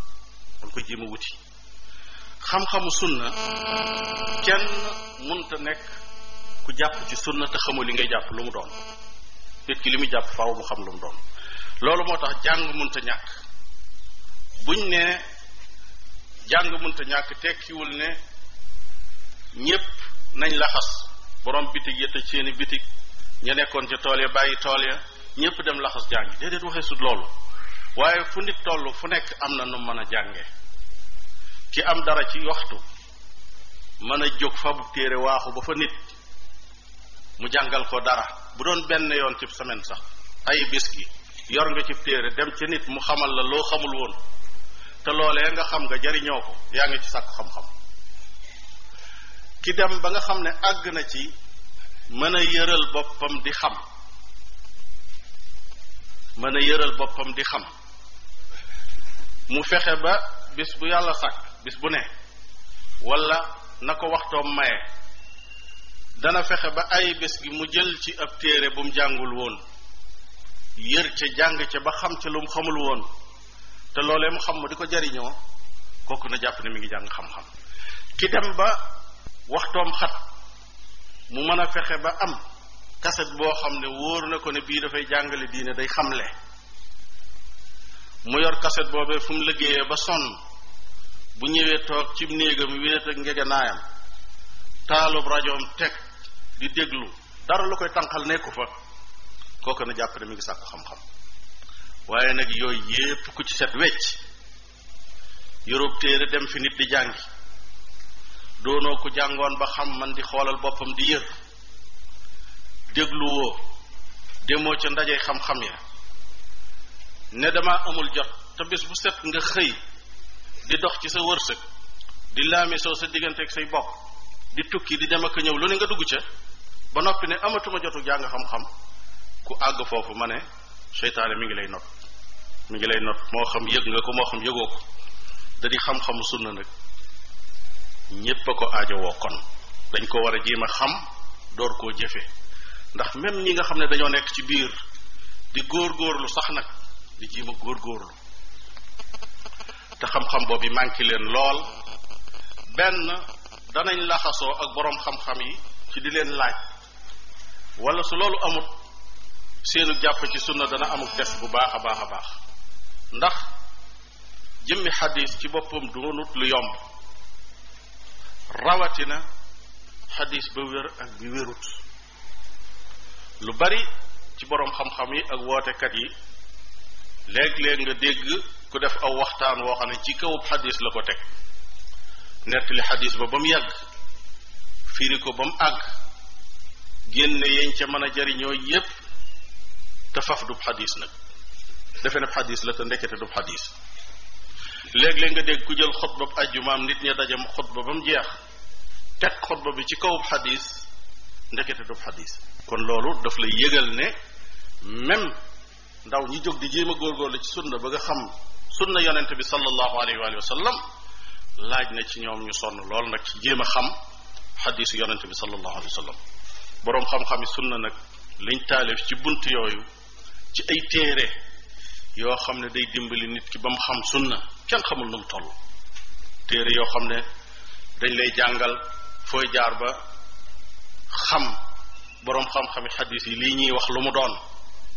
ko koy jéem a wuti xam-xamu sunna kenn munta nekk ku jàpp ci sunna te xamul li ngay jàpp lu mu doon nit ki li muy jàpp faw mu xam lu mu doon loolu moo tax jàng mënta ñàkk buñ ne jàng munta ñàkk tekkiwul ne ñépp nañ laxas borom bitig ya tëj seeni bitig ña nekkoon ca tool ya bàyyi tool ya ñépp dem laxas jàngi déedéet waxee sut loolu waaye fu nit toll fu nekk am na nu mën a jànge ki am dara ci waxtu mën a jóg fa bu téere waaxu ba fa nit mu jàngal ko dara bu doon benn yoon ci semaine sax ay bis gi yor nga ci téere dem ca nit mu xamal la loo xamul woon te loolee nga xam nga jariñoo ko yaa ngi ci sàkk xam-xam ki dem ba nga xam ne àgg na ci mën a yëral boppam di xam mën a yëral boppam di xam mu fexe ba bis bu yàlla sàkk bis bu ne walla na ko waxtoom maye dana fexe ba ay bés gi mu jël ci ab téere bu mu jàngul woon yër ca jàng ca ba xam ca lu mu xamul woon te loolee mu xam ma di ko jariñoo kooku na jàpp ne mi ngi jàng xam-xam ki dem ba waxtoom xat mu mën a fexe ba am kaset boo xam ne wóor na ko ne bii dafay jàngale diine day xamle mu yor kaset boobee fu mu liggéeyee ba sonn bu ñëwee toog ci néegam wéet ak ngegenaayam taalub rajoom teg di déglu dara lu koy tànqal nekku fa kooku na jàpp ne mi ngi sàkku xam-xam waaye nag yooyu yépp ku ci set wecc yorub téere dem fi nit di jàngi doonoo ko jàngoon ba xam man di xoolal boppam di yër dégluwoo demoo ca ndaje xam-xam ya ne damaa amul jot te bu set nga xëy di dox ci sa wërsëg di laamisoo sa diggante ak say bokk di tukki di dem ak ñëw lu ne nga dugg ca ba noppi ne amatuma jotu jàng xam-xam ku àgg foofu ma ne seytaane mi ngi lay not mu ngi lay not moo xam yëg nga ko moo xam yëgoo ko da di xam-xamu sunna nag ñépp a ko aajowoo kon dañ ko war a jéem a xam dóor koo jëfe ndax même ñi nga xam ne dañoo nekk ci biir di góor-góorlu sax nag di jéem a góor-góorlu te xam-xam boobu manqué leen lool benn danañ laxasoo ak boroom xam-xam yi ci di leen laaj wala su loolu amut seenu jàpp ci sunna dana amuk def bu baax a baax a baax ndax jëmmi xaddis ci boppam doonut lu yomb rawatina xadis ba wér ak bi wérut lu bari ci boroom xam-xam yi ak wootekat yi léegi léeg nga dégg ku def aw waxtaan woo xam ne ci kawub xaddis la ko teg nettali xaddis ba ba mu yàgg fiiri ko ba mu àgg génne yañ ca mën a jariñoo yépp te faf dub xadis nag defe ne xadis la te ndekete dub xadis léeg-léeg nga dégg ku jël xutba bu ajjumaam nit ña daje xutba ba mu jeex teg xutba bi ci kawub xadis ndekete dub xadis kon loolu daf la yëgal ne même ndaw ñi jóg di jéem a la ci sunna ba nga xam sunna yonent bi sallallahu alayhi wa sallam laaj na ci ñoom ñu sonn lool nag ci jéem a xam xadisu yonent bi sallallahu alayhi wa sallam boroom xam-xami sunna nag liñ taalif ci bunt yooyu ci ay téere yoo xam ne day dimbali nit ki ba mu xam sunna kenn xamul nu mu toll téere yoo xam ne dañ lay jàngal fooy jaar ba xam boroom xam-xami xadiis yi lii ñuy wax lu mu doon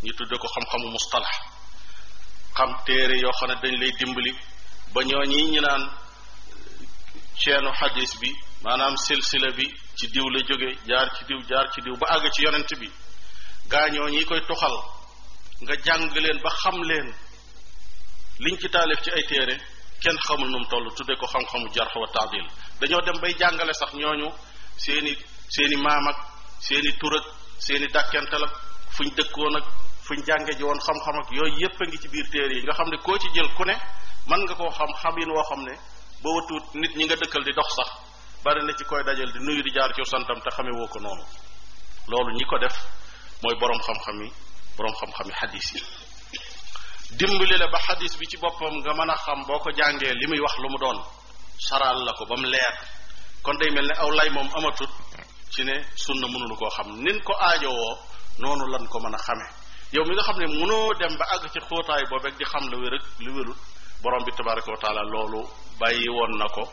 ñu tudde ko xam-xamu mustalax xam téere yoo xam ne dañ lay dimbali ba ñoo ñi ñu naan ceenu xadiis bi maanaam silsila bi ci diw la jóge jaar ci diw jaar ci diw ba àgg ci yonent bi gaañoo ñi koy tuxal nga jàng leen ba xam leen liñ ci taalif ci ay téere kenn xamul nu mu toll tudde ko xam-xamu jarx wa taadil dañoo dem bay jàngale sax ñooñu seeni seeni maam ak seeni tur ak seeni dàkkental ak fuñ dëkkoon ak fuñ jàngee ji woon xam-xam ak yooyu yépp a ngi ci biir téere yi nga xam ne koo ci jël ku ne mën nga koo xam xamin woo xam ne ba watuut nit ñi nga dëkkal di dox bari na ci koy dajal di nuyu di jaar ci santam te xamee woo ko noonu loolu ñi ko def mooy boroom xam-xam yi boroom xam-xam yi xadis yi dimbali la ba xadis bi ci boppam nga mën a xam boo ko jàngee li muy wax lu mu doon saraal la ko ba mu leer kon day mel ni aw lay moom amatut ci ne sun na mënulu koo xam nin ko aajowoo noonu lan ko mën a xamee yow mi nga xam ne mënoo dem ba àgg ci xóotaay boobu rek di xam la wér ak lu wérut borom bi tabaraka wa loolu bàyyi woon na ko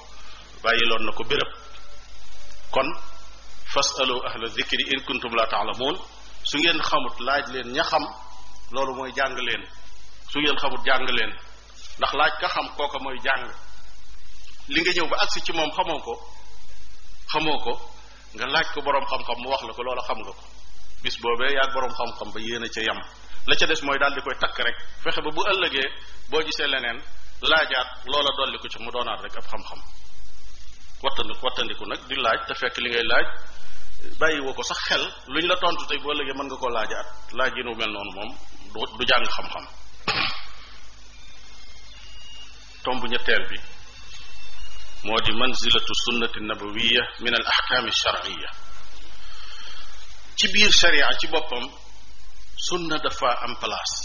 lool na ko béréb kon fasalu ahla zikri in kuntum la taalamuun su ngeen xamut laaj leen ña xam loolu mooy jàng leen su ngeen xamut jàng leen ndax laaj ka xam kooka mooy jàng li nga ñëw ba agsi ci moom xamoo ko xamoo ko nga laaj ko boroom xam-xam mu wax la ko loola xam nga ko bis boobee yaag boroom xam-xam ba yéen a ca yam la ca des mooy daal di koy takk rek fexe ba bu ëllëgee boo gisee leneen laajaat loola dolli ko ci mu doonaat rek ab xam wattandiku wattandiku nag di laaj te fekk li ngay laaj bàyyi woo ko sax xel lu ñu la tontu tey boo léegi mën nga koo laajaat laaj yi nu mel noonu moom du du jàng xam-xam *coughs* tomb ñetteel bi moo di manzilatu sunnati nabawiya min al ahkaami sharciya ci biir sharia ci boppam sunna dafa am place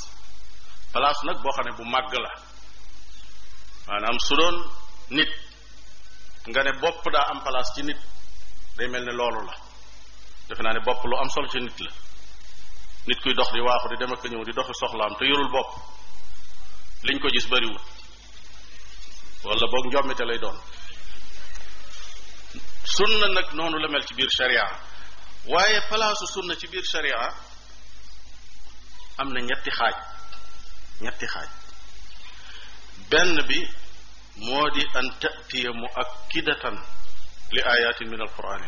place nag boo xam ne bu màgg la maanaam su doon nit nga ne bopp daa am place ci nit day mel ni loolu la defe naa ne bopp lu am solo ci nit la nit kuy dox di waaxu di dem ak ñëw di doxi soxlaam te yurul bopp liñ ko gis bariwul wala boog njommite lay doon na nag noonu la mel ci biir sharia waaye palaasu sunna ci biir sharia am na ñetti xaaj ñetti xaaj benn bi moo di an tatiya mu akkidatan li ayatin min alquran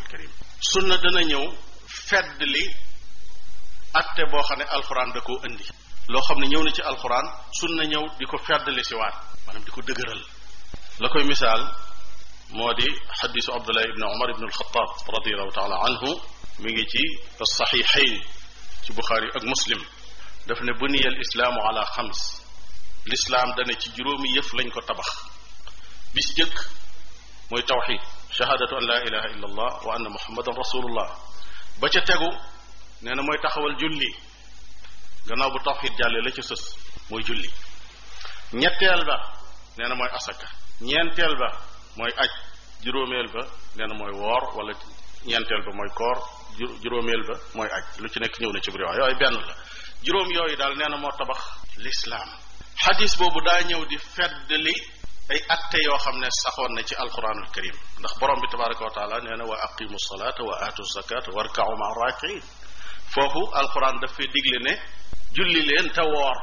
sunna dana ñëw fedd li atte boo xam ne alquran da ko indi loo xam ne ñëw na ci alquran sunna ñëw di ko fedd li si di ko dëgëral la koy misaal moo di xadisu abdullah ibni omar ibn alxataab radiallahu taala anhu mi ngi ci saxiixayn ci buxaari ak muslim daf ne buniya al islaamu ala xams lislaam dana ci juróomi yëf lañ ko tabax bi ci jëkk mooy tawxid shahadatu an la ilaha illa allah wa anna muhammadan rasulullah ba ca tegu nee na mooy taxawal julli gannaaw bu tawxid jàllee la ci sës mooy julli ñetteel ba nee na mooy asaka ñeenteel ba mooy aj juróomeel ba nee mooy woor wala ñeenteel ba mooy koor juróomeel ba mooy aj lu ci nekk ñëw na ci biir yooyu benn la juróom yooyu daal nee na moo tabax lislaam xadis boobu daa ñëw di fedd li ay atte yoo xam ne saxoon na ci alquranul karim ndax borom bi tabaraka wa taala nee na wa aqimu salata wa aatu zakata warkau ma rakiin foofu alquran daf fee digle ne julli leen te woor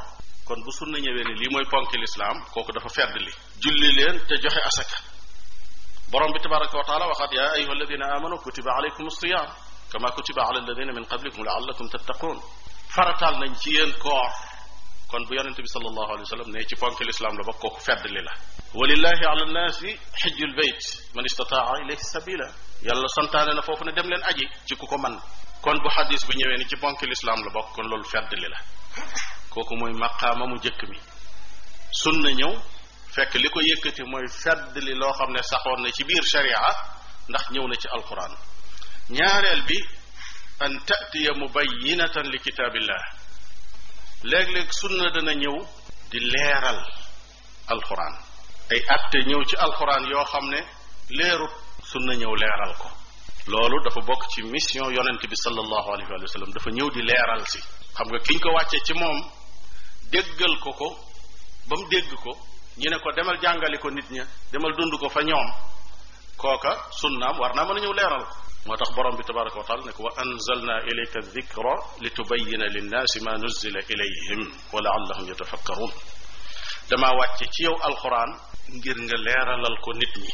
kon bu sunna ñëwee ne lii mooy ponki lislaam kooku dafa fedd li julli leen te joxe asaka borom bi tabaraka wa taala waxaat yaa ayuha alladina amanu kutiba alaykum siyam kama kutiba ala alladina min qablikum laallakum tattaqun farataal nañ ci yéen koor kon bu yonente bi sallallahu alayhi wa sallam ne ci ponk lislaam la ba kooku feddli la walillahi ala nnaasi xijjul bayt man istataa ilayhi sabila yàlla santaane na foofu ne dem leen aji ci ku ko man kon bu xadis bi ñëwee ni ci ponk lislaam la bokk kon loolu feddli la kooku mooy maqaama mu jëkk mi sunna ñëw fekk li ko yëkkati mooy feddli loo xam ne saxoon na ci biir sharia ndax ñëw na ci alquran ñaareel bi an tatiya mubayinatan li kitaabillah léeg-léeg sunna dana ñëw di leeral alxuraan ay atte ñëw ci alxuraan yoo xam ne leerut sunna ñëw leeral ko loolu dafa bokk ci mission yonent bi sallallahu alayhi wa sallam dafa ñëw di leeral si xam nga kiñ ko wàccee ci moom déggal ko ko ba mu dégg ko ñu ne ko demal jàngali ko nit ña demal dund ko fa ñoom kooka sunnaam war naa mën a ñëw leeral ko moo tax borom bi tabaraka wa taala ne ko wa anzalna ilayka dikra li tubayina linnaasi ma nuzila ilayhim wa laallahum yatafakkarun damaa wàcce ci yow alquran ngir nga leeralal ko nit ñi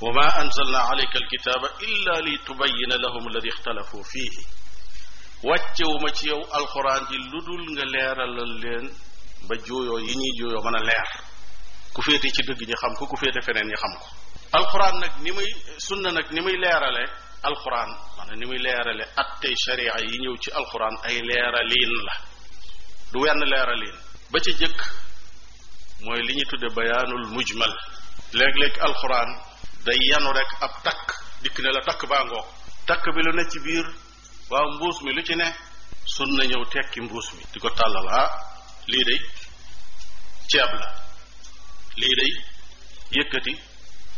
wa ma anzalna alayka alkitaba illa li tubayina lahum alladi ixtalafu fihi wàccewu ma ci yow alquran ji lu dul nga leeralal leen ba jooyoo yi ñuy jooyoo mën a leer ku féete ci dëgg ñi xam ko ku féete feneen ñi xam ko alquran nag ni muy sunna nag ni muy leerale alxuraan maanaam ni muy leerale attey sharia yi ñëw ci alxuraan ay leeraliin la du wenn leeraliin ba ci jëkk mooy li ñu tudde bayaanul mujmal léeg-léeg alxuraan day yanu rekk ab takk dikk ne la takk baa ngoog takk bi lu ne ci biir waaw mbuus mi lu ci ne na ñëw tekki mbuus mi di ko tàllal ah lii day ceeb la lii day yëkkati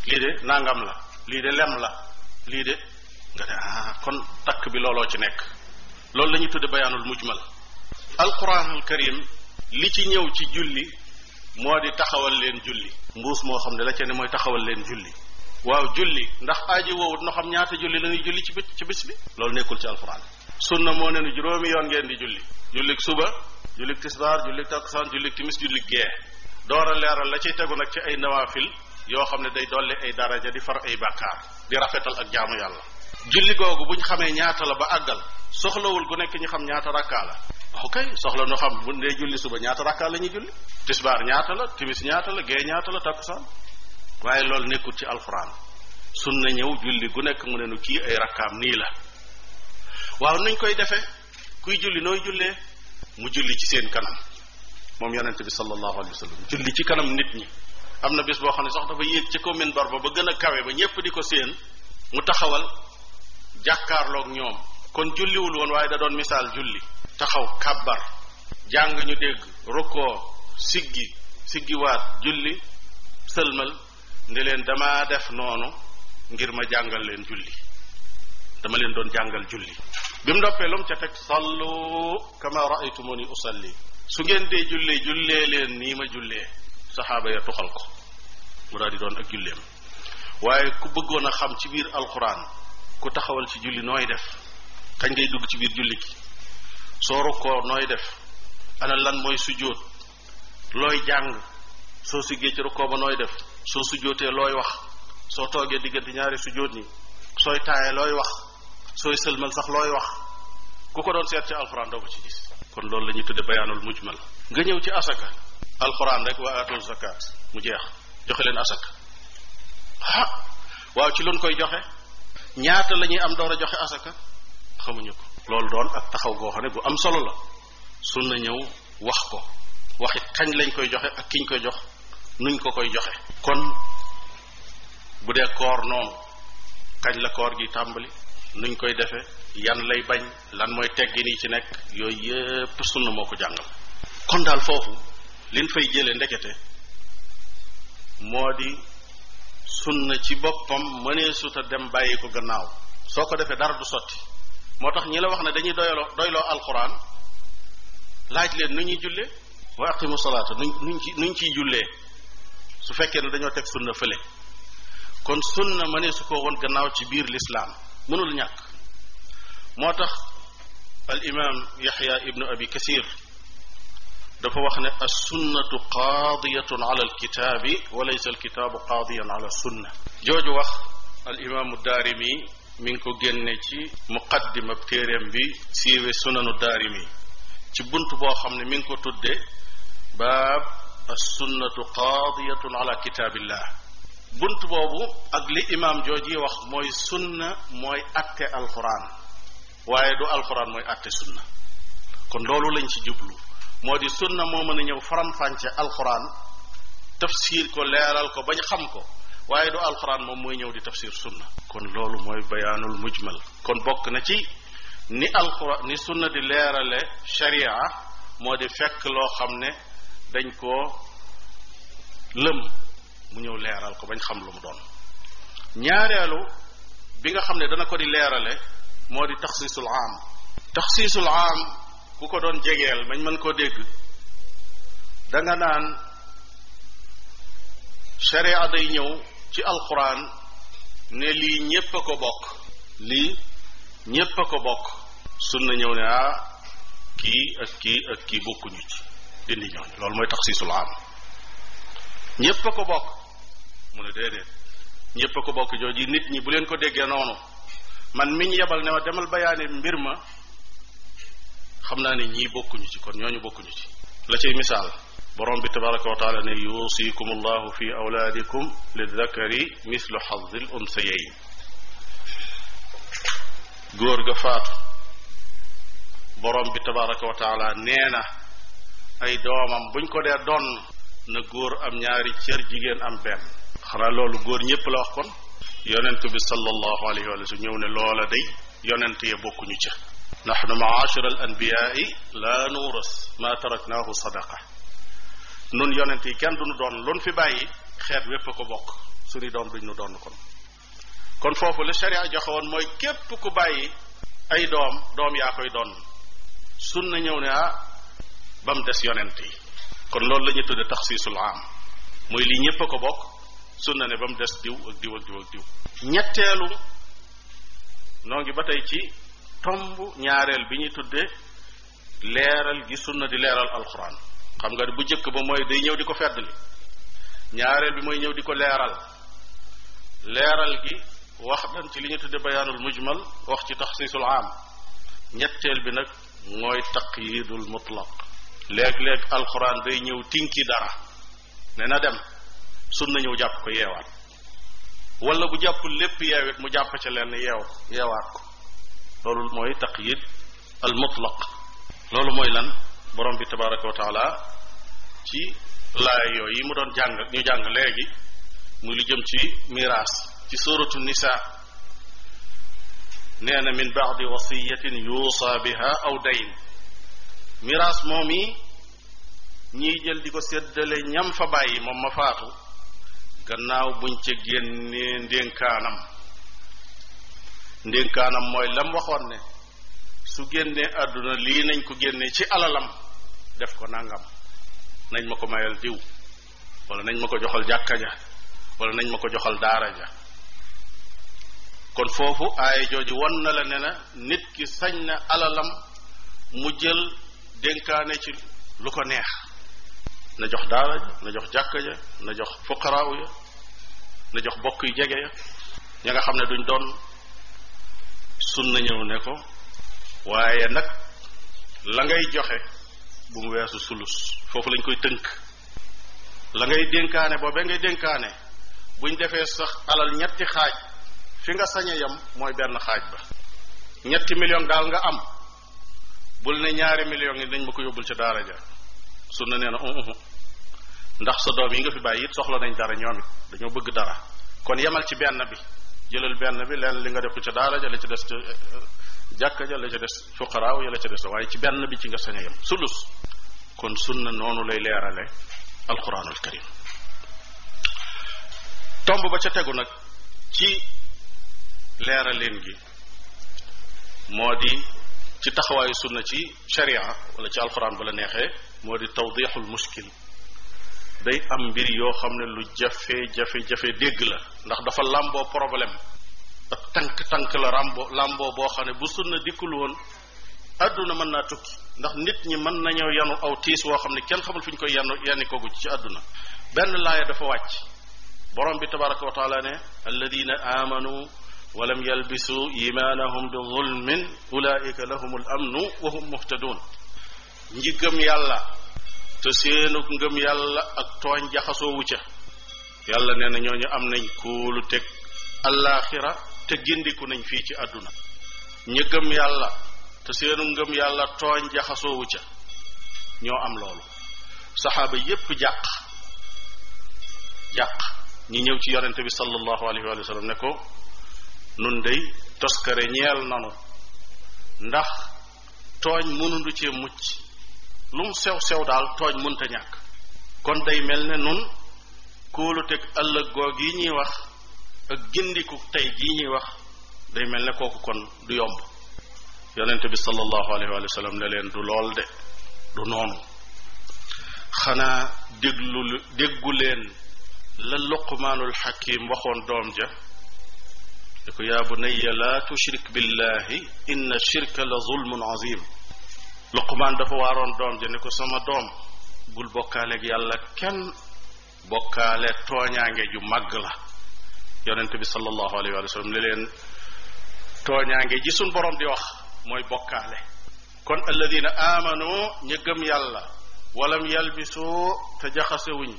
lii de nangam la lii de lem la lii de nga ne ah kon takk bi looloo ci nekk loolu la ñuy tudde bayaanul mujmal alquranul karim li ci ñëw ci julli moo di taxawal leen julli mbuus moo xam ne la ca ne mooy taxawal leen julli waaw julli ndax aaji woowut noo xam ñaata julli la ñuy julli ci bit ci bis bi loolu nekkul ci alquran sunna moo ne nu juróomi yoon ngeen di julli jullik suba jullik tisbaar jullik takkusaan jullik timis jullik gee door a leeral la ciy tegu nag ci ay nawaafil yoo xam ne day dolli ay daraja di far ay bàkkaar di rafetal ak jaamu yàlla julli googu bu ñu xamee ñaata la ba àggal soxlawul ku nekk ñu xam ñaata rakkaa la ah, ok soxla nu xam bu dee julli suba ñaata rakkaa la ñuy julli tisbaar ñaata la timis ñaata la gee ñaata la takkusaan waaye loolu nekkul ci alxuraan na ñëw julli gu nekk mu ne nu kii ay rakkaam nii la waaw nañ koy defe kuy julli nooy jullee mu julli ci seen kanam moom yonente bi sallallahu alayhi wa julli ci kanam nit ñi am na bis boo xam ne sax dafa yéeg ci ko minbar ba ba gën a kawe ba ñépp di ko séen mu taxawal jàkkaarloog ñoom kon julliwul woon waaye da doon misaal julli taxaw kàbbar jàng ñu dégg rukkoo siggi siggiwaat julli sëlmal ne leen damaa def noonu ngir ma jàngal leen julli dama leen doon jàngal julli bi mu noppee lu ca teg sallu kama raaytumuni usalli su ngeen dee jullee jullee leen nii ma jullee saxaaba ya tuxal ko mu daal di doon ak julleem waaye ku bëggoon a xam ci biir alquran ku taxawal ci julli nooy def kañ ngay dugg ci biir julli gi soo rukkoo nooy def ana lan mooy sujjóot looy jàng soo siggee ci rukkoo ba nooy def soo sujjóotee looy wax soo toogee diggante ñaari sujjóot ni sooy taayee looy wax sooy sëlmal sax looy wax ku ko doon seet ci alxuraan doo ko ci gis kon loolu la ñuy tudde bayaanul mujmal nga ñëw ci asaka alxuraan rek waa atul zakat mu jeex joxe leen asaka waaw ci luñ koy joxe ñaata la ñuy am door a joxe asaka xamuñu ko loolu doon ak taxaw goo xam ne bu am solo la sunna ñëw wax ko waxit kañ lañ koy joxe ak kiñ koy jox nuñ ko koy joxe kon bu dee koor noonu kañ la koor gi tàmbali nuñ koy defee yan lay bañ lan mooy teggin yi ci nekk yooyu yépp moo ko jàngal kon daal foofu liñ fay jële ndekete moo di sunna ci boppam mënee suta dem bàyyi ko gannaaw soo ko defee dara du sotti moo tax ñi la wax na dañuy doyloo doyloo alquran laaj leen nu ñuy jullee wa aqimu salaata nuñ nuñ ci nuñ ciy jullee su fekkee ne dañoo teg sunna fële kon sunna mënee su ko woon gannaaw ci biir lislaam mënul ñàkk moo tax al imam yaxya ibnu abi kasir dafa wax ne assunnatu qaadiyatun ala alkitaabi wa laysa alkitaabu qaadiyan ala sunna jooju wax alimaamu daarimi mi ngi ko génne ci muqaddima téeréem bi siiwe sunanu daarimi ci bunt boo xam ne mi ngi ko tudde baab assunnatu qaadiyatun ala kitaabillah bunt boobu ak li imaam wax mooy sunna mooy atte alquran waaye du alquran mooy atte sunna kon loolu lañ ci jublu moo di sunna moo mën a ñëw faram-fànce alxuraan tafsir ko leeral ko bañ xam ko waaye du alxuraan moom mooy ñëw di tafsir sunna kon loolu mooy bayaanul mujmal kon bokk na ci ni alxuraan ni sunna di leerale sharia moo di fekk loo xam ne dañ koo lëm mu ñëw leeral ko bañ xam lu mu doon ñaareelu bi nga xam ne dana ko di leerale moo di taxsiisul aam taxsiisul aam bu ko doon jegeel bañ man koo dégg danga naan sharia day ñëw ci alxuraan ne lii ñépp ko bokk lii ñépp ko bokk sunna ñëw ne ah kii ak kii ak kii bokkuñu ci dindi ñooñu loolu mooy taxsiisul am ñépp a ko bokk mu ne déedéet bokk jooju nit ñi bu leen ko déggee noonu man miñ yebal ne ma demal bayaane mbir ma xam naa ni ñii bokkuñu ci kon ñooñu bokkuñu ci la cay misaal borom bi tabaraka wa taala ne yuusikum allahu fi awlaadikum lidakari mislu xadil unsayeyn góor ga faatu borom bi tabaraka wa taala nee na ay doomam buñ ko dee donn na góor am ñaari cër jigéen am benn xanaa loolu góor ñépp la wax kon yonent bi sallallahu alayhi wa sallam ñëw ne loola day yonent ya bokkuñu ca naxnu maachira al anbiyaai laa nuuras maa taraknaahu sadaqa nun yonent yi kenn duñu doon lun fi bàyyi xeet wépp ko bokk suñu doom duñ nu doon kon kon foofu la sharia joxewoon mooy képp ku bàyyi ay doom doom yaa koy doon sunna ñëw ne ah ba mu des yonent yi kon loolu la ñuy tudde taxsiisul am mooy lii ñépp a ko bokk sunna ne ba mu des diw ak diw ak diw ak noo ngi ba tey ci tomb ñaareel bi ñu tuddee leeral gi sunna di leeral alxuraan xam nga bu jëkk ba mooy day ñëw di ko feddli ñaareel bi mooy ñëw di ko leeral leeral gi wax dan ci li ñu tudde bayaanul mujmal wax ci taxsiisul aam ñetteel bi nag mooy taqyidul mutlaq léeg-léeg alxuraan day ñëw tinki dara ne na dem sunna ñëw jàpp ko yeewaan wala bu jàppul lépp yeewit mu jàpp ca lenn yeew yeewaat ko loolu mooy taqyid al mutlaq loolu mooy lan borom bi tabaraka wa ci laay yooyu yi mu doon jàng ñu jàng léegi muy lu jëm ci miraas ci suratu nisa nee na min baadi wasiyatin yuusa biha aw dayn miraas moom yi ñiy jël di ko séddale ñam fa bàyyi moom ma faatu gannaaw buñ ca génnee ndénkaanam ndénkaanam mooy lam waxoon ne su génnee àdduna lii nañ ko génnee ci alalam def ko nangam nañ ma ko mayal diw wala nañ ma ko joxal jàkka ja wala nañ ma ko joxal daara ja kon foofu aaya jooju won na la ne na nit ki sañ na alalam mu jël dénkaane ci lu ko neex na jox daara ja na jox jàkka ja na jox fuqaraaw ya na jox bokk yu jege ya ña nga xam ne duñ doon na ñëw ne ko waaye nag la ngay joxe bu mu weesu sulus foofu lañ koy tënk la ngay dénkaane boobee ngay dénkaane buñ defee sa alal ñetti xaaj fi nga sañe yam mooy benn xaaj ba ñetti million daal nga am bul ne ñaari million yi dañ ma ko yóbbul ca daara ja sunna nee na uhu uh, uh. ndax sa doom yi nga fi bàyyi it soxla nañ dara ñoom it dañoo bëgg dara kon yemal ci benn bi jëlal benn bi leen li nga def ca daara ja la ca des ca eh, eh, jàkka ja ca des fuqaraaw ya la ca des waaye ci benn bi ci nga sañ a yem sulus kon sunna noonu lay leerale alquranul karim tomb ba ca tegu nag ci leeraleen gi moo di ci taxawaayu sunna ci sharia wala ci alquran ba la neexee moo di tawdixul muskil day am mbir yoo xam ne lu jafe-jafe-jafe dégg la ndax dafa làmboo problème ak tànk-tànk la rambo làmboo boo xam ne bu na dikkul woon adduna mën naa tukki ndax nit ñi mën nañoo yanu aw tiis woo xam ne kenn xamul fi ñu koy yanu yani koogu ci àdduna benn laaya dafa wàcc borom bi tabaraka wa taala ne alladina amanu walam yalbisu imaanahum bi zulmin ulaika lahum al amnu wa hum muhtadun ñi yàlla te ngëm yàlla ak tooñ jaxasoowu ca yàlla nee na ñoo ñooñu am nañ kóolu teg allaaxira te gindiku nañ fii ci àdduna ñi gëm yàlla te ngëm yàlla tooñ jaxasoowu ca ñoo am loolu saxaaba yépp jàq jàq ñi ñëw ci yonente bi sallallahu alayhi wa sallam ne ko nun dey toskare ñeel nanu ndax tooñ mënundu cee mucc lu mu sew sew daal tooñ mënta ñàkk kon day mel ne nun kóoluteg ëllëg goog yi ñuy wax ak gindiku tey gii ñuy wax day mel ne kooku kon du yomb yonente bi sallallahu alayhi wa sallam ne leen du lool de du noonu xanaa déglu déggu leen la luqmaanul xakim waxoon doom ja ne ko yaa bunayya laa tushrik billahi inna shirka la zulmun azim luqumaan dafa waaroon doom ja ne ko sama doom bul bokkaaleeg yàlla kenn bokkaale tooñaange ju màgg la yonente bi sallallahu alayhi wa sallam li leen tooñaange ji suñ borom di wax mooy bokkaale kon alladina amanu ña gëm yàlla walam yalbisu te jaxasewuñ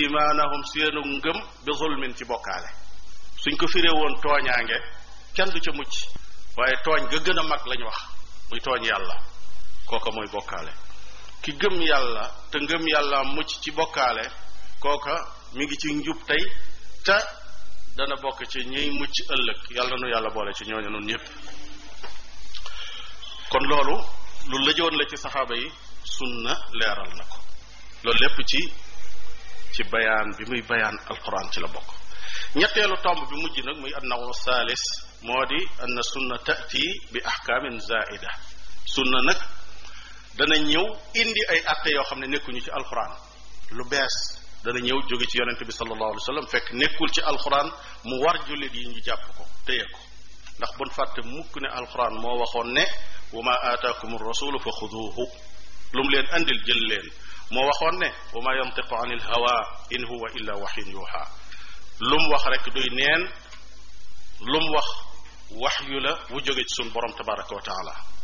imaanahum seenu ngëm bi zulmin ci bokkaale suñ ko firee woon tooñaange kenn du ca mucc waaye tooñ ga gën a mag lañ wax muy tooñ yàlla kooka mooy bokkaale ki gëm yàlla te ngëm yàlla mucc ci bokkaale kooka mu ngi ci njub tey te dana bokk ci ñiy mucc ëllëg yàlla nu yàlla boole ci ñoo noonu ñëpp kon loolu lu lëjoon la ci saxaaba yi sunna leeral na ko loolu lépp ci ci bayaan bi muy bayaan alquran ci la bokk ñetteelu tomb bi mujj nag muy annawu saalis moo di anna sunna tati bi ahkaamin zaida sunna nag dana ñëw indi ay atte yoo xam ne nekkuñu ci alxuraan lu bees dana ñëw jóge ci yonente bi sallallahu alayhi wa sallam fekk nekkul ci alxuraan mu war jullit yi ñu jàpp ko téye ko ndax buñ fàtte mukk ne alxuraan moo waxoon ne wa ma aataakum rasulu fa xuduuhu lu mu leen indil jël leen moo waxoon ne wa ma yantiqu an il hawa in huwa illa waxin yuuxa lu mu wax rek duy neen lu mu wax wax yu la wu jóge ci suñ borom tabaraka wa taala